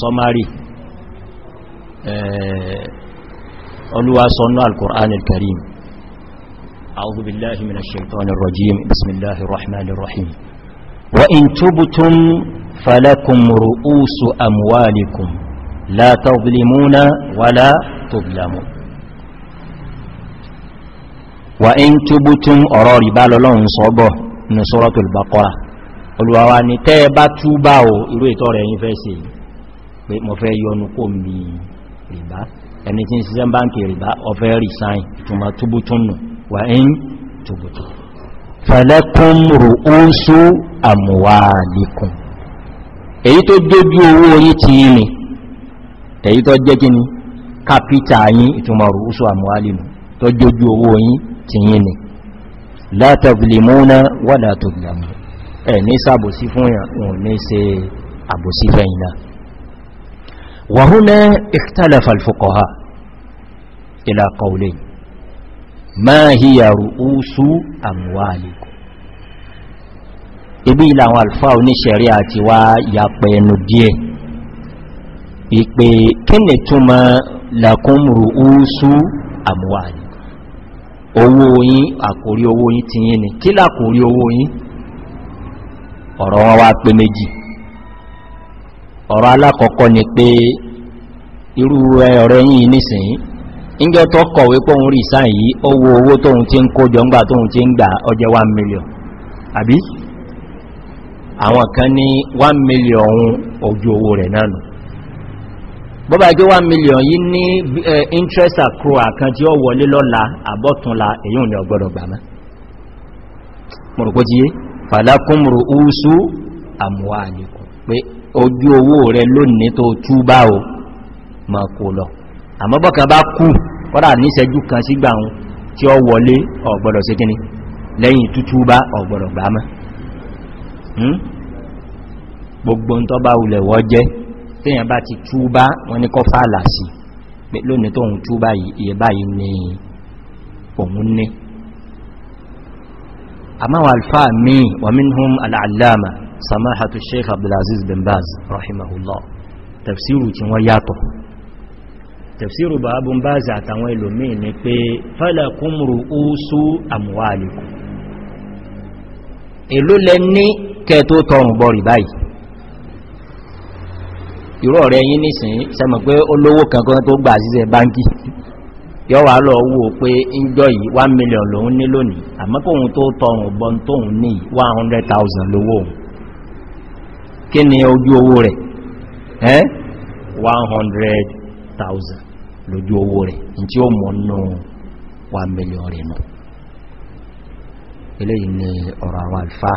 summary eh, olúwa sọ́nà al-Qur'an karim أعوذ بالله من الشيطان الرجيم بسم الله الرحمن الرحيم وإن تبتم فلكم رؤوس أموالكم لا تظلمون ولا تظلمون وإن تبتم أرار بالله صبه من سورة البقرة olùwàwà ní tẹ́ bá túbá o irú ìtọ́ rẹ̀ yí fẹ́ sí pé mọ̀ fẹ́ yọnu kó mi rìbá ẹni wà ń tòbòtò fẹ̀lẹ́kún rùúsù àmúwàlìkùn èyí tó jójú owó orí ti ní èyí tó jẹ́ gíní kápítà yín ìtumọ̀ rùúsù àmúwàlìkùn tó jójú owó yín ti yí ni látàbìlìmúnà wà látàbìlìmú ẹ̀ ní sàbòsí máa híyà rúúsù àmúwàlìkù ibi ilẹ̀ àwọn alfa oníṣẹ̀rí àti wá yàpẹ̀ ẹnu díẹ̀ ìpè kí ni túnmọ̀ lakum rúúsù àmúwàlìkù owó yín àkórí owó yín ti yín ni kí lákòrí owó yín ọ̀rọ̀ wọn wá pé méjì ọ̀rọ̀ alákọ̀ọ́kọ́ ni pé irú ọ̀rẹ́ yìí nísìnyí ìjọ tó kọ̀wé pọ̀hún rí sáà yìí owó owó tóhun tí ń kójọ ńgbà tóhun tí ń gbà ọjẹ́ 1 million àbí àwọn kan ní 1 million ojú owó rẹ̀ náà nù bọ́bá gé 1 million yìí ní interest accrual kan tí ó wọlé lọ́la àbọ́túnla èyí ò ọgbọ́dọ̀ gbàmá mọ̀rọ̀kójíyé fàlákùnmùrù úsù àmúwà àníkù pé ojú owó rẹ̀ lónìí tó túbá o ma lọ àmọ́bọ̀kan bá kú kọ́dà níṣẹ́jú kan sígbà ohun tí ó wọlé ọ̀gbọ̀dọ̀ sí kíní lẹ́yìn tútù bá ọ̀gbọ̀dọ̀ gbámá hmm? gbogbo ń tọ́ bá ulẹ̀ wọ́ jẹ́ tíyàn bá ti túbá wọn ní kọ́ fàálà sí pé lónìí tóhun túbá iye báyìí ní òun ní àmáwà alfáà míì wà mínhún al'allama tafsiru tí wọ́n yàtọ̀ tẹ̀fsíru bá bú ń bá zà àtàwọn pé fẹ́lẹ̀kúnrù úsù àmúwàlìkù èló lẹ ní kẹtó tọrùn bọ̀rì báyìí ìrọ̀ rẹ̀ yí nìsìn pé olówó kankan tó gbà síṣẹ́ báńkì yọ́wà lọ wó pé ìjọ yìí 1 million lòun ní lónìí àmọ́kòhun tó tọrùn bọ́n ní 100,000 lówó kí ni ojú owó rẹ̀ 100,000 lójú owó rẹ̀ tí ó mọ̀ nù wà mílíọ̀n rẹ̀ nù ilé ìní ọ̀rọ̀ àwọn alfa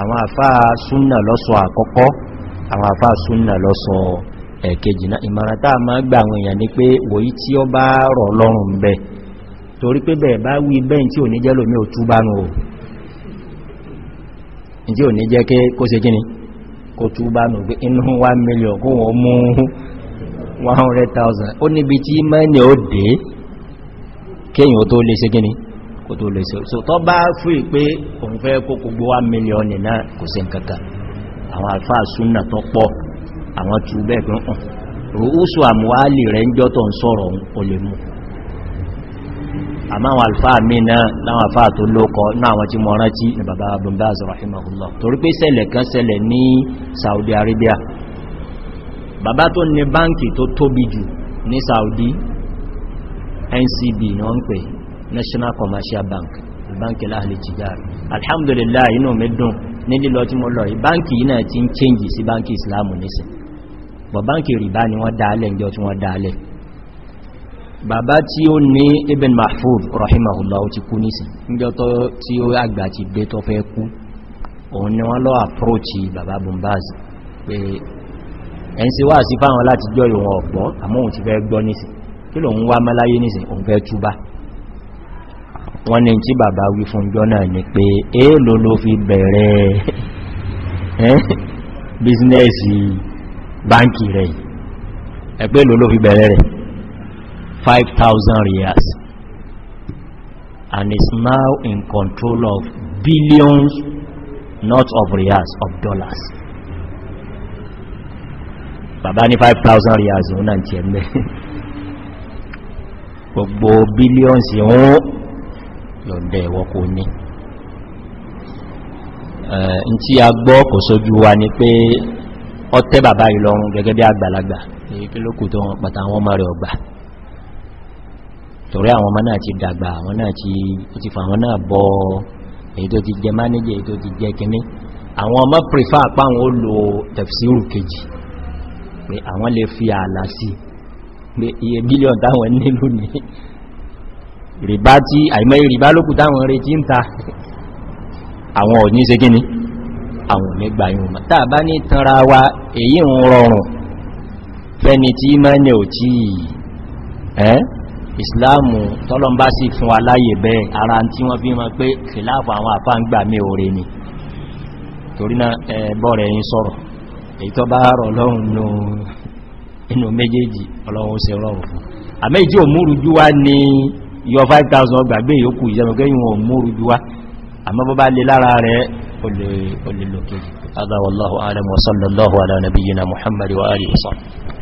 àwọn àfá súnnà lọ́sọ àkọ́kọ́ àwọn àfá súnnà lọ́sọ ẹ̀kejì náà ìmọ̀ràn táà gbà àwọn èèyàn ní pé wòyí tí ó bá rọ̀ lọ́rùn bẹ́ torí pé bẹ̀ẹ̀ bá wí bẹ́ẹ̀ tí ò o tí ò ní jẹ́ kó se kó pé inú 100,000 ó níbi tí mẹ́ni ó dé kéyìn ó tó lè ṣe gíní kò tó lè ṣe so tó bá fún pé òun fẹ́ kó gbogbo 1 mílíọ̀nì náà kò sí nkankan àwọn alfáà súnnà tó pọ̀ àwọn tí bẹ́ẹ̀ pín hàn rúúsù àmúwálì rẹ̀ ń jọ́tọ̀ ń sọ̀rọ̀ o lè mú àmáwọn alfáà mí náà láwọn alfáà tó lókọ náà àwọn tí mọ̀ ní bàbá Bin rahimahullah torí pé ṣẹlẹ̀ kan ṣẹlẹ̀ ní Saudi Arabia bàbá tó ní báǹkì tó tóbi jù ní Saudi NCB ni wọ́n pè National Commercial Bank báǹkì láàrín tijari alhamdulillah inú mi dùn ní lílọ tí mo lọ báǹkì yìí náà ti ń change sí báǹkì Islam nísìn bọ̀ báǹkì rìbá ni wọ́n dáálẹ̀ ìjọ tí wọ́n dáálẹ̀ bàbá tí ó ní Ibn Mahfud rahimahullah ó ti kú nísìn níjọ́ tí ó àgbà ti dé tó fẹ́ kú òun ni wọ́n lọ approach bàbá Bumbaz pé ẹ̀yìn sí wá sí fáwọn láti jọ ìwọ̀n ọ̀pọ̀ àmóhun ti fẹ́ gbọ́ nìsìn kí lòun wá mẹ́láyé nìsìn òun fẹ́ túbá wọ́n ni tí bàbá wí fún jọ náà ni pé èèlò ló fi bẹ̀rẹ̀ bísínẹ́sì báńkì rẹ̀ ẹ̀pẹ́ èèlò ló fi bẹ̀rẹ̀ rẹ̀ 5,000 riyals and is now in control of billions not of riyals of dollars bàbá ní 5,000 riyals òun náà ti ẹ̀mẹ́ gbogbo bílíọ̀nsì òun yọ̀ndẹ̀ ìwọ́kò ní ẹ̀n tí a gbọ́ kò sójú wa ni pé ọtẹ́ bàbá ìlọrun gẹ́gẹ́ bí àgbàlagbà èyí kí ló kù tó wọn pàtà àwọn ọmọ rẹ̀ ọgbà torí àwọn ọmọ náà ti dàgbà àwọn náà ti fà àwọn náà bọ́ èyí tó ti jẹ mánéjì èyí tó ti jẹ kìíní àwọn ọmọ prefer páwọn ó lo tẹ̀fsíru kejì pé àwọn lè fi ààlà sí pé iye bílíọ̀n táwọn nílò ní rìbá tí àìmọ́ ìrìbá lókù táwọn rẹ̀ tí ń ta àwọn òní ṣe gíní àwọn mẹ́gbà yìí mọ̀ tàà bá ní tanra wa èyí ń rọrùn fẹ́ni tí mẹ́ni ò tí ẹ́ ìsìláàmù tọ́lọmbá sì fún aláyè bẹ́ẹ̀ ara tí wọ́n fi mọ́ pé fìláàfù àwọn àfáǹgbà mẹ́ òre ni torí náà ẹ̀bọ́ rẹ̀ yìí sọ̀rọ̀ èyí tó bá rọ̀ lọ́rùn inú méjèèjì ọlọ́run ṣe rọrùn fún àmẹ́ ìjí òmúrù júwá ní yọ 5,000 gbàgbé ìyókù ìjẹmọ̀gẹ́yìn òmúrù júwá àmọ́ bọ́bá lè lára rẹ̀ olè lókè هذا
والله أعلم وصلى الله على